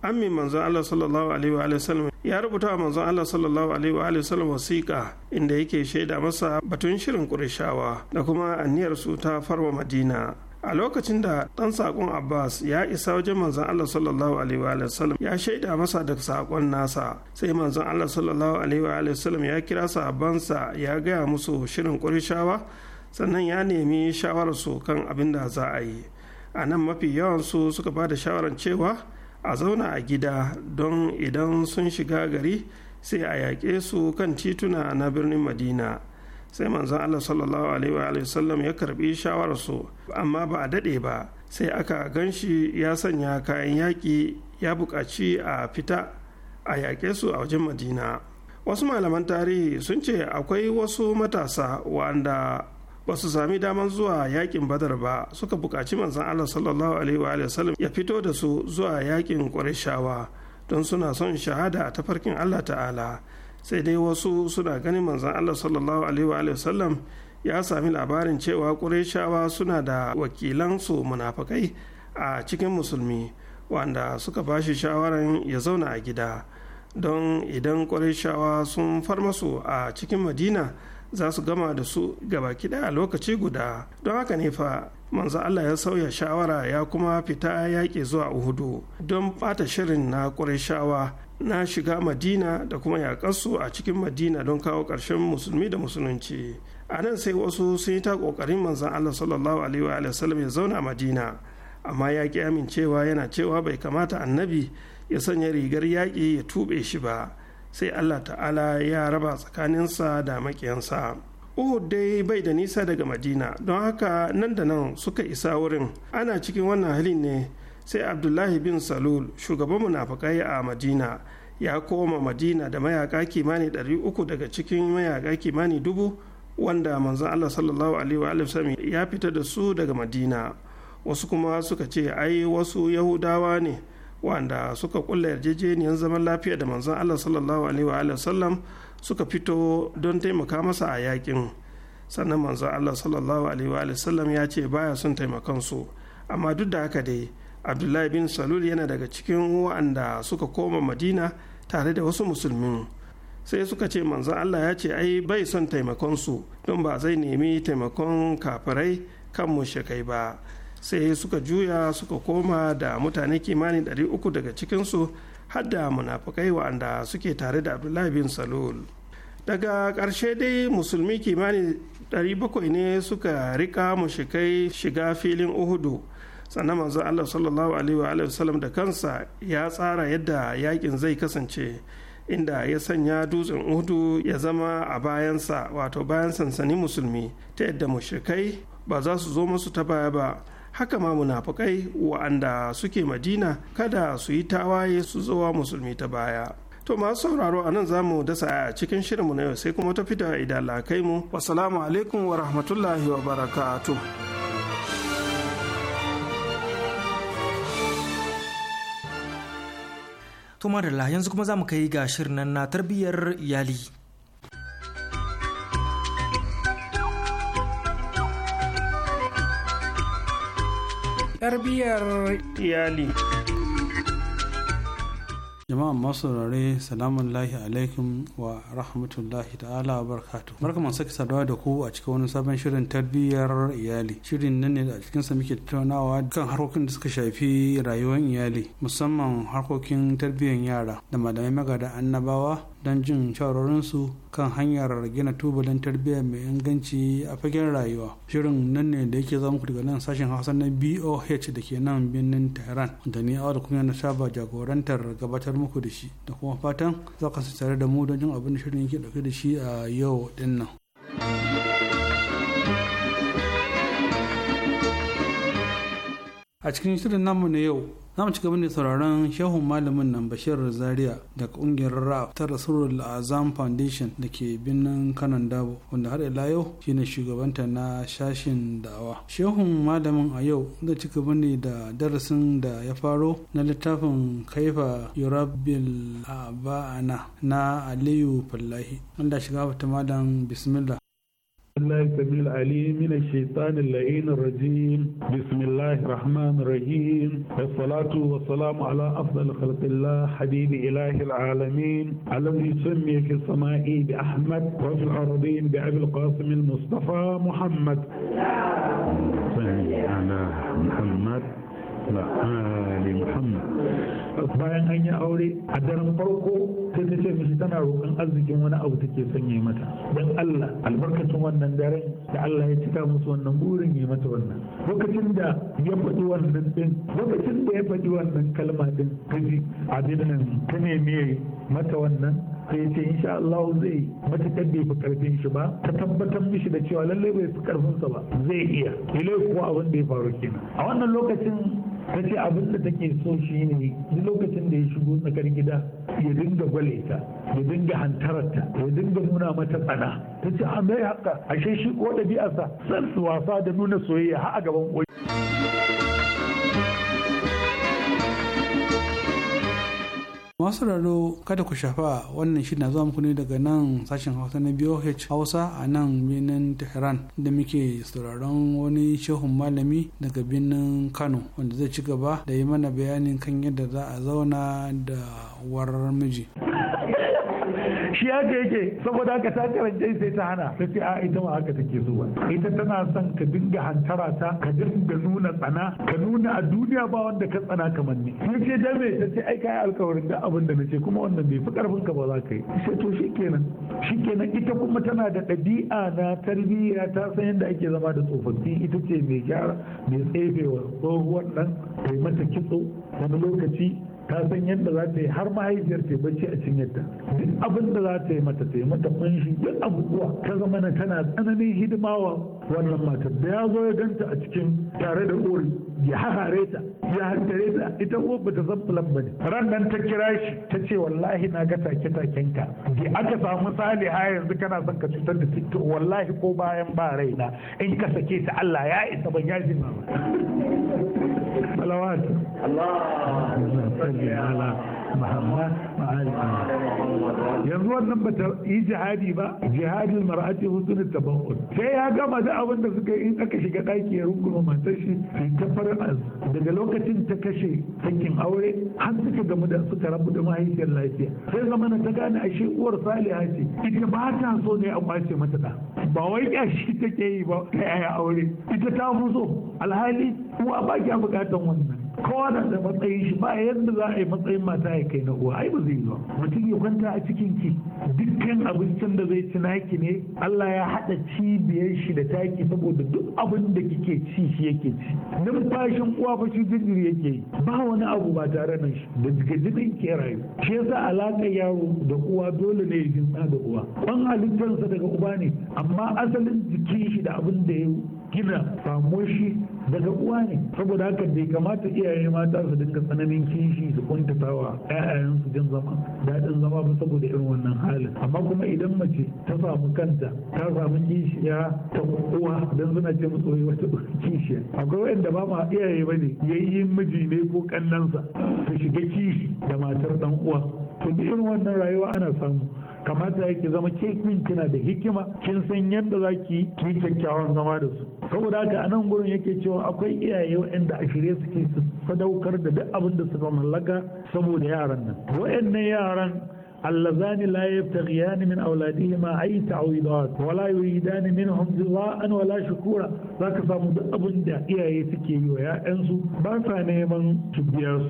ammi manzon Allah sallallahu alaihi wa sallam ya rubuta wa manzon Allah sallallahu alaihi wa sallam wasiƙa inda yake shaida masa batun shirin Qurayshawa da kuma aniyar su ta farwa Madina a lokacin da ɗan saƙon abbas ya isa wajen manzon allah sallallahu alaihi wa sallam ya shaida masa da saƙon nasa sai manzon allah sallallahu alaihi wa sallam ya kira sahabbansa ya gaya musu shirin ƙurishawa sannan ya nemi shawararsu kan abin da za a yi a nan mafi yawansu suka ba da shawarar cewa a zauna a gida don idan sun shiga gari sai a yaƙe su kan tituna na birnin madina sai manzon allah sallallahu alaihi wa sallam ya karbi shawararsu amma ba a daɗe ba sai aka ganshi ya sanya kayan yaƙi ya buƙaci a fita a yaƙe su a wajen madina wasu malaman tarihi sun ce akwai wasu matasa wanda ba su sami daman zuwa yakin badar ba suka buƙaci manzan allah sallallahu alaihi wa sallam ya fito da su zuwa yakin ƙurashawa don suna son shahada a tafarkin allah ta'ala sai dai wasu suna ganin manzan allah sallallahu alaihi wa sallam ya sami labarin cewa ƙwarishawa suna da wakilansu munafakai a cikin musulmi wanda suka ba shi shawaran ya zauna a gida don idan ƙurashawa sun far masu a cikin madina za su gama da su gabaki ɗaya a lokaci guda don haka ne fa manzo Allah ya sauya shawara ya kuma fita yaƙi zuwa Uhudu don ɓata shirin na Qurayshawa na shiga Madina da kuma yaƙarsu a cikin Madina don kawo ƙarshen musulmi da musulunci. A nan sai wasu sun yi ta ƙoƙarin manzon Allah sallallahu alaihi wa sallam ya zauna Madina amma ya ƙi amincewa yana cewa bai kamata annabi ya sanya rigar yaƙi ya tuɓe shi ba. sai allah ta'ala ya raba tsakaninsa da maƙiyansa uhud dai bai da nisa daga madina don haka nan da nan suka isa wurin ana cikin wannan halin ne sai abdullahi bin salul shugaban munafukai a madina ya koma madina da mayaka kimani 300 daga cikin mayaka kimani dubu wanda manzon allah sallallahu alaihi wa ya fita da su daga madina wasu kuma suka ce ai wasu yahudawa ne wanda suka kulla yarjejeniyar zaman lafiya da manzon Allah sallallahu alaihi wa sallam suka fito don taimaka masa a yakin sannan manzon Allah sallallahu alaihi wa sallam ya ce baya son taimakan su amma duk da haka dai Abdullahi bin Salul yana daga cikin wanda suka koma Madina tare da wasu musulmin sai suka ce manzon Allah ya ce ai bai son taimakon su don ba zai nemi taimakon kafirai kan shekai ba sai suka juya suka koma da mutane kimanin 300 daga cikinsu har da munafukai wa'anda suke tare da abdullahi bin salul daga karshe dai musulmi kimanin 700 ne suka rika mushikai shiga filin uhudu sannan manzo Allah sallallahu alaihi wa da kansa ya tsara yadda yakin zai kasance inda ya sanya dutsen uhudu ya zama a bayansa wato bayan sansanin musulmi ta yadda mushrikai ba za su zo masu ta baya ba haka ma munafukai wa'anda suke madina kada su yi tawaye su zowa musulmi ta baya to masu sauraro a nan zamu mu dasa a cikin shirinmu na yau sai kuma ta fita idan lakai mu wasalamu alaikum wa rahmatullahi wa barakatuh da yanzu kuma za mu kai ga shirin nan na tarbiyyar iyali tarbiyyar iyali jama'a masu rare salamun lahi alaikum wa rahmatullahi ta'ala wa barkatu barka masu sake saduwa da ku a cikin wani sabon shirin tarbiyyar iyali shirin nan ne da a cikinsa muke tattaunawa kan harkokin da suka shafi rayuwar iyali musamman harkokin tarbiyyar yara da malamai magada annabawa don jin shawarorinsu kan hanyar gina tubalin tarbiyya mai inganci a fagen rayuwa shirin nan ne da yake zama daga nan sashen hausa na boh da ke nan birnin tehran da ni awa da kuma na saba jagorantar gabatar muku da shi da kuma fatan za ka tare da mu don jin abin da shirin yake dauke da shi a yau din a cikin shirin namu na yau za mu ci gaba ne sauraron shehun malamin nan bashir zaria da kungiyar raf ta rasulul azam foundation da ke birnin kanon dabo wanda har ila yau shine shugabanta na shashin dawa shehun malamin a yau zai ci gaba ne da darasin da ya faro na littafin kaifa yurabil aba'ana na aliyu fallahi wanda shiga fata malam bismillah الله السميع العليم من الشيطان اللعين الرجيم بسم الله الرحمن الرحيم الصلاة والسلام على أفضل خلق الله حبيب إله العالمين الذي سمي في السماء بأحمد وفي الأرضين بأبي القاسم المصطفى محمد صلى على محمد ali muhammad bayan an yi aure a daren farko sai ta ce mishi tana roƙon arzikin wani abu take son yi mata don allah albarkacin wannan daren da allah ya cika musu wannan burin yi mata wannan lokacin da ya faɗi wannan ɗin lokacin da ya faɗi wannan kalma din kaji a nan ta nemi mata wannan sai ce insha Allah zai matuƙar bai fi karfin shi ba ta tabbatar mishi da cewa lallai bai fi karfinsa ba zai iya ilai kuwa abin da ya faru kenan a wannan lokacin ta ce abin da take so shi ne duk lokacin da ya shigo tsakar gida ya dinga gwale ta ya dinga hantararta ya dinga nuna mata tsana ta ce a ah, mai haka ashe shi ko ɗabi'arsa san su wasa da nuna soyayya har a gaban kwai. masu raro kada ku shafa wannan shi na zuwa muku ne daga nan sashen hausa na boh hausa a nan birnin tehran da muke sauraron wani shehun malami daga birnin kano wanda zai ci gaba da yi mana bayanin kan yadda za a zauna da warar miji shi haka yake saboda haka ta karanta sai ta hana ta ce a ita ma haka take so ita tana son ka dinga hantara ta ka dinga nuna tsana ka nuna a duniya ba wanda ka tsana kamar ni ni ce da me ta ce ai kai alƙawarin da abin da nace kuma wannan bai fi karfin ka ba za ka yi sai to shikenan shikenan ita kuma tana da ɗabi'a na tarbiyya ta san yadda ake zama da tsofaffi ita ce mai gyara mai tsefewa tsohuwar nan kai mata kitso wani lokaci ta san yadda za ta yi har mahaifiyar ta bacci a cikin yadda duk abin da za ta yi mata ta yi mata kunshi duk abubuwa ta zama na tana tsananin hidimawa. wannan matar da ya zo ya ganta a cikin tare da uri ya hahare ta ya hankare ta ita ko ba ta san ba ne nan ta kira shi ta ce wallahi na ga take taken ka da aka samu saliha yanzu kana son ka cutar da tiktok wallahi ko bayan ba raina in ka sake ta Allah ya isa ban yaji ba. salawat Allah Allah Muhammad yanzu wannan ba ta yi jihadi ba jihadin mar'ati ta tabawul sai ya gama da abin da suka in aka shiga daki ya rukuna matar shi ta fara'az daga lokacin ta kashe hakkin aure har suka gamu da suka rabu da mahaifiyar lafiya sai zamana ta gane ashe uwar saliha ce ita ba ta so ne a kwace mata da ba wai kyashi take yi ba ta yaya aure ita ta fi so alhali uwa ba kya bukatan wannan kowa na da matsayin shi ba yadda za a yi matsayin mata ya kai na uwa ai ba zai yi ba mutum ya kwanta a cikin ki dukkan abincin da zai ci naki ne Allah ya haɗa cibiyar shi da taki saboda duk abin da kike ci shi yake ci numfashin uwa fa shi jinjiri yake yi ba wani abu ba tare da shi da gajinin ke rayu shi yasa alaƙa yaro da uwa dole ne ya jinsa da uwa kwan halittarsa daga uba ne amma asalin jikin shi da abin da ya gina samun shi daga uwa ne saboda haka bai kamata iyaye mata su dinga tsananin kishi su kuntatawa su jin zama daɗin zama ba saboda irin wannan halin amma kuma idan mace ta samu kanta ta samu kishiya ta uwa dan suna ce mu wai wata kishi akwai wanda ba ma iyaye Ya yi miji ne ko kannansa su shiga kishi da matar ɗan uwa to irin wannan rayuwa ana samu kamata yake zama ke kina da hikima kin san yadda za ki yi kyakkyawan zama da su saboda haka a nan gurin yake cewa akwai iyaye waɗanda a shirye suke su sadaukar da duk abin da suka mallaka saboda yaran nan waɗannan yaran اللذان لا يبتغيان من أولادهما أي تعويضات ولا يريدان منهم ضلاء ولا شكورا ذاك سامو أبن دا إياي سكي ويا أنسو باسا نيمان تبياس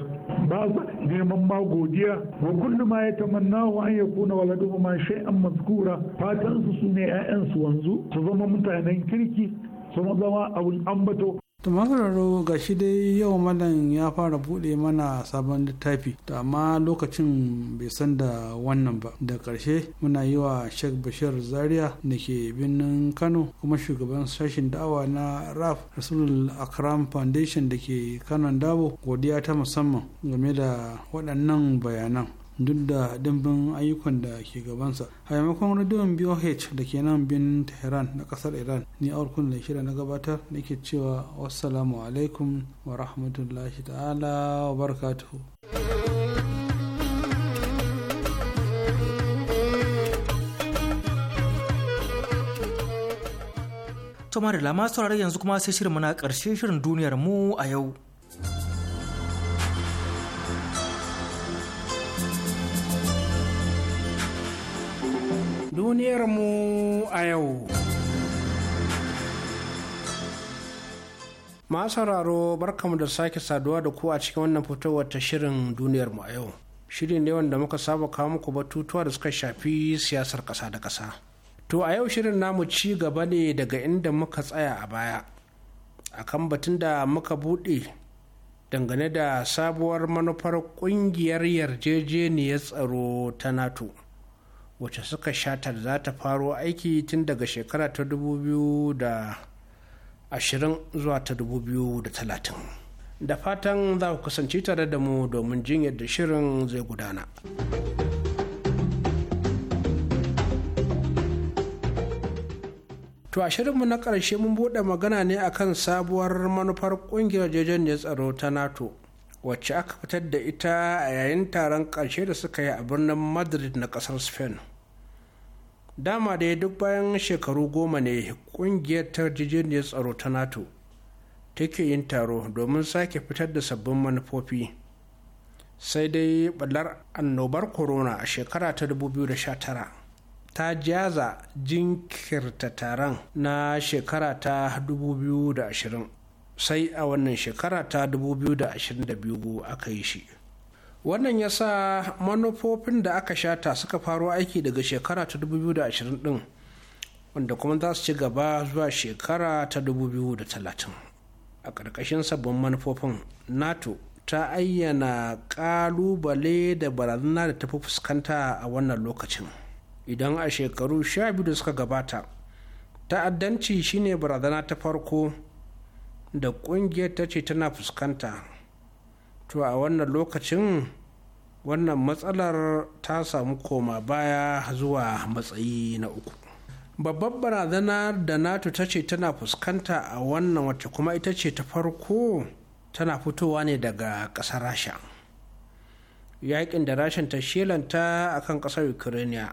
باسا نيمان ما غوديا وكل ما يتمناه أن يكون ولدهما شيئا مذكورا فاتنسو سنة أنسو وانزو سوزما متعنين كريكي sun zama abun ambato da ga shi dai yau malam ya fara bude mana sabon littafi to amma lokacin bai san da wannan ba da karshe muna yi wa sheikh bashir zaria da ke birnin kano kuma shugaban sashen da'awa na raf rasulul akram foundation da ke kanon dabo godiya ta musamman game da waɗannan bayanan duk da dimbin ayyukan da ke gabansa a maimakon rediyon boh da ke nan bin tehran na kasar iran ni aurkun da shida na gabatar da ke cewa wassalamu alaikum wa rahmatullahi ta'ala wa barakatuhu Tumar da lama saurari yanzu kuma sai shirin muna ƙarshe shirin duniyar mu a yau. duniyarmu a yau. sauraro barkamu da sake saduwa da ku a cikin wannan fitowar ta shirin duniyarmu a yau. Shiri ne wanda muka saba kawo muku batutuwa da suka shafi siyasar kasa da kasa To a yau shirin namu ci gaba ne daga inda muka tsaya a baya. Akan batun da muka buɗe dangane da sabuwar manufar ƙungiyar yarjejeniyar tsaro ta NATO. wacce suka shatar za ta faro aiki tun daga shekara ta 2020 zuwa ta 2030 da fatan za ku kasance tare da mu domin jin yadda shirin zai gudana. To a shirinmu na ƙarshe mun buɗe magana ne akan sabuwar manufar ƙungiyar jejen tsaro ta NATO wacce aka fitar da ita a yayin taron ƙarshe da suka yi a birnin madrid na ƙasar spain dama dai duk bayan shekaru goma ne ƙungiyar ne tsaro ta nato take yin taro domin sake fitar da sabbin manufofi sai dai ɓallar annobar corona a shekara ta 2019 ta jaza jinkirta taron na shekara ta 2020 sai a wannan shekara ta 2022 aka yi shi wannan ya sa manufofin da aka shata suka faro aiki daga shekara ta 2020 din wanda kuma za su ci gaba zuwa shekara ta 2030 a ƙarƙashin sabbin manufofin nato ta ayyana ƙalubale da barazana da tafi fuskanta a wannan lokacin idan a shekaru sha biyu da suka gabata ta'addanci shine barazana ta farko da ƙungiyar ta ce tana fuskanta to a wannan lokacin wannan matsalar ta samu koma baya zuwa matsayi na uku babbar barazana da nato ta ce tana fuskanta a wannan wacce kuma ita ce ta farko tana fitowa ne daga ƙasar rasha yaƙin da rashin ta shelanta a kan ƙasar ukraine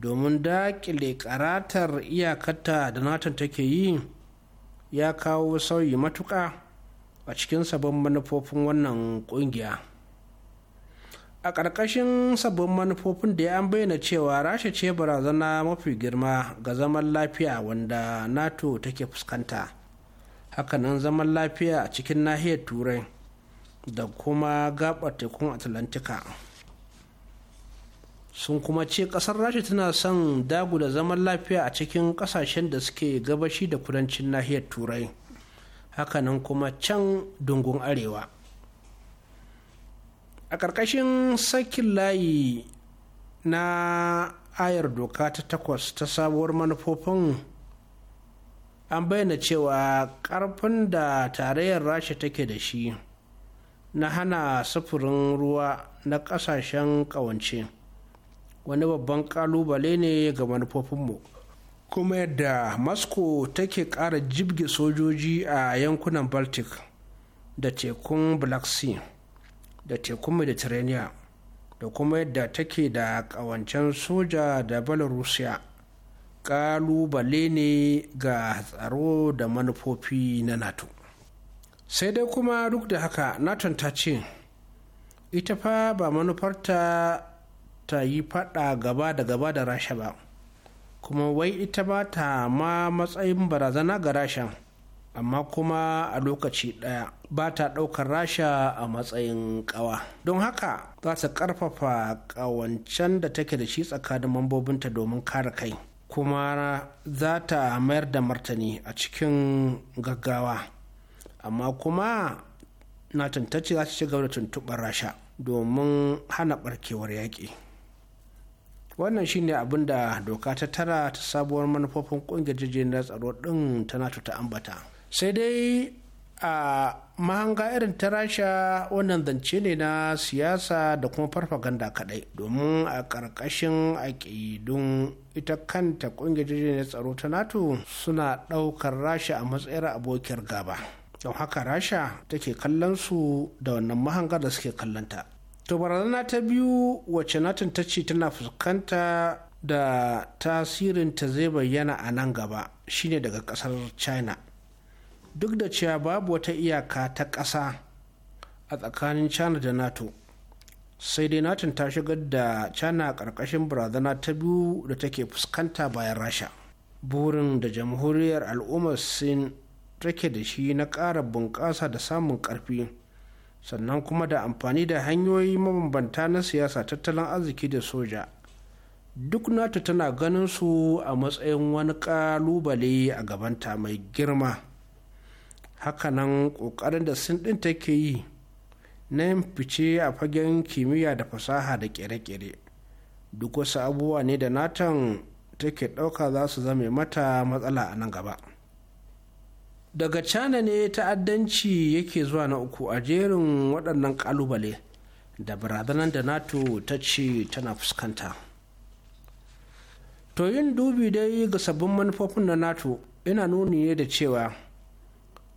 domin daƙile karatar iyakarta da nato take yi ya kawo sauyi matuƙa a cikin sabon manufofin wannan ƙungiya a ƙarƙashin sabon manufofin da ya an bayyana cewa rasha ce barazana mafi girma ga zaman lafiya wanda nato take fuskanta hakanan zaman lafiya a cikin nahiyar turai da kuma gaɓar tekun atlantika sun kuma ce kasar rasha tana son dagu da zaman lafiya a cikin kasashen da suke gabashi da kudancin nahiyar turai hakanan kuma can dungun arewa a ƙarƙashin sakin layi na ayar doka ta takwas ta sabuwar manufofin an bayyana cewa ƙarfin da tarayyar rasha take da shi na hana sufurin ruwa na ƙasashen ƙawance wani babban kalubale ne ga manufofinmu kuma yadda moscow take ƙara jibge sojoji a yankunan baltic da tekun black sea da tekun mediterranean da kuma yadda take da ƙawancen soja da belarusia kalubale ne ga tsaro da manufofi na nato sai dai kuma duk da haka naton ta ce ita fa ba manufarta ta yi fada gaba da gaba da rasha ba kuma wai ita ba ta ma matsayin barazana ga rasha amma kuma a lokaci ɗaya ba ta ɗaukar rasha a matsayin ƙawa don haka za ta ƙarfafa ƙawancen da take da shi tsakanin mambobinta domin kare kai kuma za ta mayar da martani a cikin gaggawa amma kuma na tantace za ta ci gaba da tuntuɓar rasha domin hana ɓarkewar yaƙi wannan shine abin da doka ta tara ta sabuwar manufofin kungiyar jirgin tsaro din ta nato ta ambata sai dai a mahanga irin ta rasha wannan zance ne na siyasa da kuma farfaganda kadai domin a ƙarƙashin aƙidun ita kanta kungiyar jirgin tsaro ta nato suna ɗaukar rasha a matsayar abokiyar gaba don haka rasha take kallon su da wannan mahangar da suke kallonta to barazana ta biyu wacce natin ta ce tana fuskanta da tasirinta zai bayyana a nan gaba shine daga kasar china duk da cewa babu wata iyaka ta ƙasa a tsakanin china da nato sai dai natin ta shigar da china a ƙarƙashin barazana ta biyu da take fuskanta bayan rasha burin da jamhuriyar al'ummar sin take da shi na ƙara bunƙasa da samun ƙarfi sannan kuma da amfani da hanyoyi mabambanta na siyasa tattalin arziki da soja duk nata tana ganin su a matsayin wani kalubale a gabanta mai girma hakanan kokarin da sin ɗin take yi na yin fice a fagen kimiyya da fasaha da ƙere-ƙere duk wasu abubuwa ne da natan take ɗauka za su zame mata matsala a nan gaba. daga cana ne ta'addanci yake zuwa na uku a jerin waɗannan ƙalubale da barazanar da nato ta ce tana fuskanta to yin dubi dai ga sabbin manufofin na nato yana nuni ne da cewa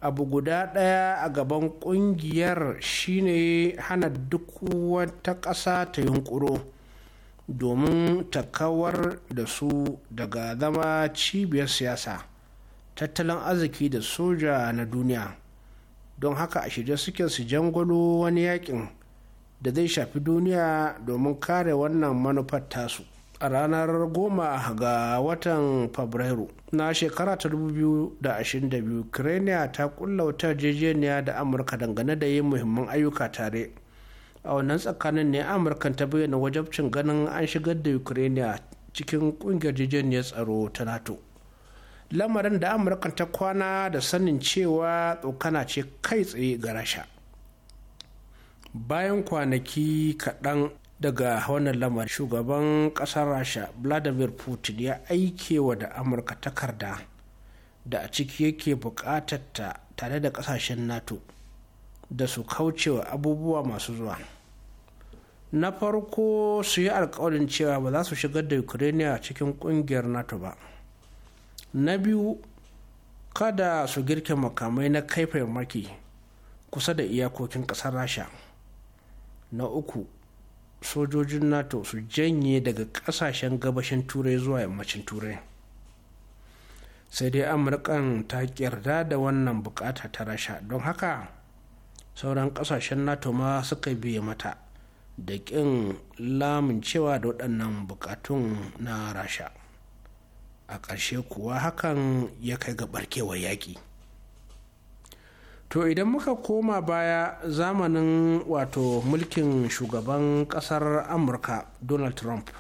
abu guda ɗaya a gaban ƙungiyar shine hana duk wata ƙasa ta yunƙuro domin ta kawar da su daga zama cibiyar siyasa tattalin arziki da soja na duniya don haka a shirye suke su jangwalo wani yakin da zai shafi duniya domin kare wannan manufar tasu a ranar goma ga watan fabrairu na shekara ta 2022 ukraina ta kulla wata jejeniya da amurka dangane da yin muhimman ayyuka tare a wannan tsakanin ne amurkan ta bayyana wajabcin ganin an shigar da ukraine cikin kungiyar jejeniyar tsaro ta nato lamarin da amurka ta kwana da sanin cewa tsokana ce kai tsaye ga rasha bayan kwanaki kaɗan daga wannan lamarin shugaban ƙasar rasha vladimir putin ya aike wa da amurka takarda da a ciki yake buƙatar ta tare da ƙasashen nato da su kaucewa abubuwa masu zuwa na farko su yi alkawarin cewa ba za su shigar da ukraine cikin ƙungiyar nato ba na biyu kada su girke makamai na kai farmaki kusa da iyakokin ƙasar rasha na uku sojojin nato su janye daga ƙasashen gabashin turai zuwa yammacin turai sai dai amurkan ta yarda da wannan bukata ta rasha don haka sauran ƙasashen nato ma suka biya mata da ƙin lamun cewa da waɗannan bukatun na rasha a ƙarshe kuwa hakan ya kai ga barkewar yaƙi to idan muka koma baya zamanin wato mulkin shugaban ƙasar amurka donald trump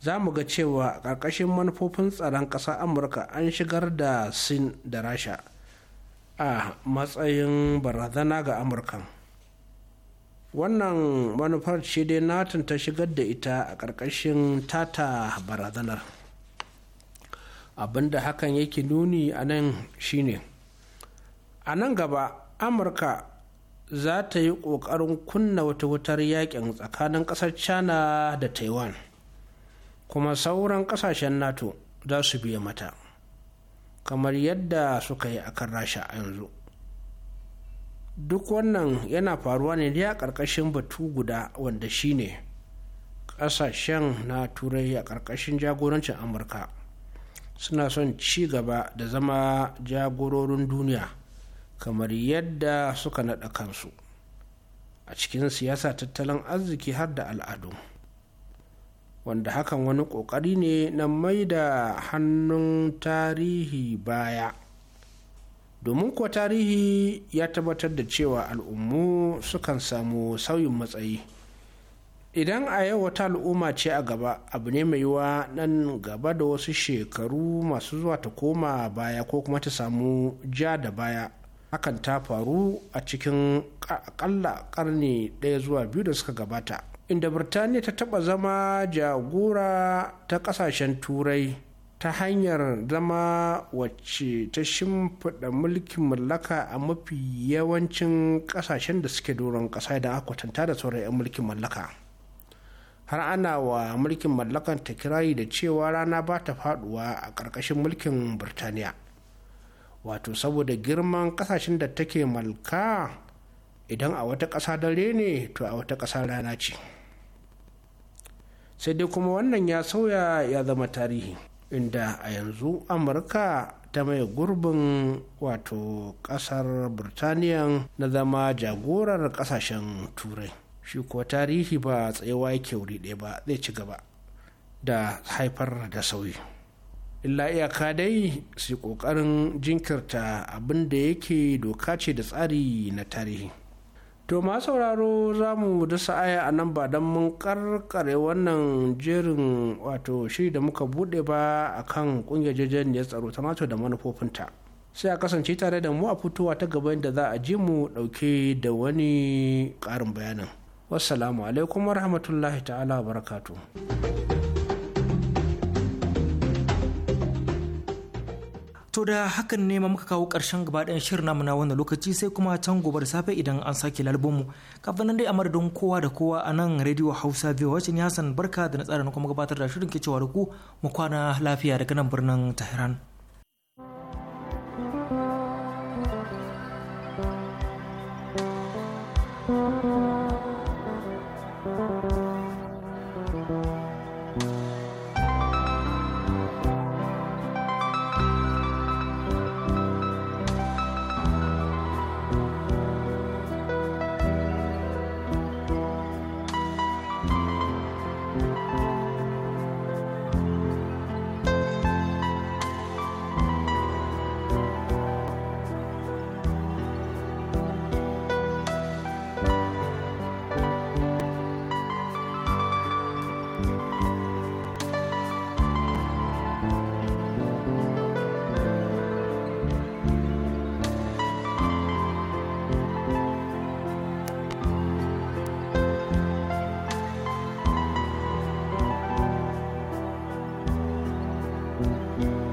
za mu ga cewa ƙarƙashin manufofin tsaron ƙasar amurka an shigar da sin da rasha a matsayin barazana ga amurkan wannan manufar ce dai natin ta shigar da ita a ƙarƙashin tata barazanar abinda hakan yake nuni a nan shine a nan gaba amurka za ta yi ƙoƙarin kunna wata wutar yakin tsakanin ƙasar china da taiwan kuma sauran ƙasashen nato za su biya mata kamar yadda suka yi a kan rasha a yanzu duk wannan yana faruwa ne a ƙarƙashin batu guda wanda shine ƙasashen na turai a ƙarƙashin jagorancin amurka suna son ci gaba da zama jagororin duniya kamar yadda suka naɗa kansu a cikin siyasa tattalin arziki har da al'adu wanda hakan wani ƙoƙari ne na mai da hannun tarihi baya domin kuwa tarihi ya tabbatar da cewa al'ummu sukan samu sauyin matsayi idan a yau wata al'umma ce a gaba abu ne mai yiwa nan gaba da wasu shekaru masu zuwa ta koma baya ko kuma ta samu ja da baya hakan ta faru a cikin akalla karni ɗaya zuwa biyu da suka gabata inda birtaniya ta taɓa zama jagora ta ƙasashen turai ta hanyar zama wacce ta shimfiɗa mulkin mallaka a mafi yawancin ƙasashen da suke doron ƙasa idan aka kwatanta da sauran 'yan mulkin mallaka har ana wa mulkin mallakan ta kirari da cewa rana ba ta faduwa a ƙarƙashin mulkin birtaniya wato saboda girman ƙasashen da take malka idan a wata ƙasa dare ne to a wata ƙasa rana ce sai dai kuma wannan ya sauya ya zama tarihi inda a yanzu amurka ta mai gurbin wato ƙasar birtaniya na zama jagorar ƙasashen turai shi kuwa tarihi ba tsayawa yake wuri ɗaya ba zai ci gaba da haifar da sauyi illa iyaka dai su ƙoƙarin jinkirta abin da yake doka ce da tsari na tarihi to ma sauraro za mu dasa aya a nan ba don mun karkare wannan jerin wato shi da muka buɗe ba a kan ƙungiyar ya tsaro ta mato da manufofinta sai a kasance tare da mu a fitowa ta gaba da za a ji mu ɗauke da wani ƙarin bayanin wassalamu alaikum warahmatullahi ta'ala barakatu. To da hakan ne ma muka kawo ƙarshen gabaɗayan shirin namu na wannan lokaci sai kuma can gobe da safe idan an sake lalbomu. Kafin nan dai a madadin kowa da kowa a nan rediyo Hausa biyu wacce ni Hassan Barka da na tsara na kuma gabatar da shirin ke cewa da ku mu kwana lafiya daga nan birnin Tehran. Mm-hmm.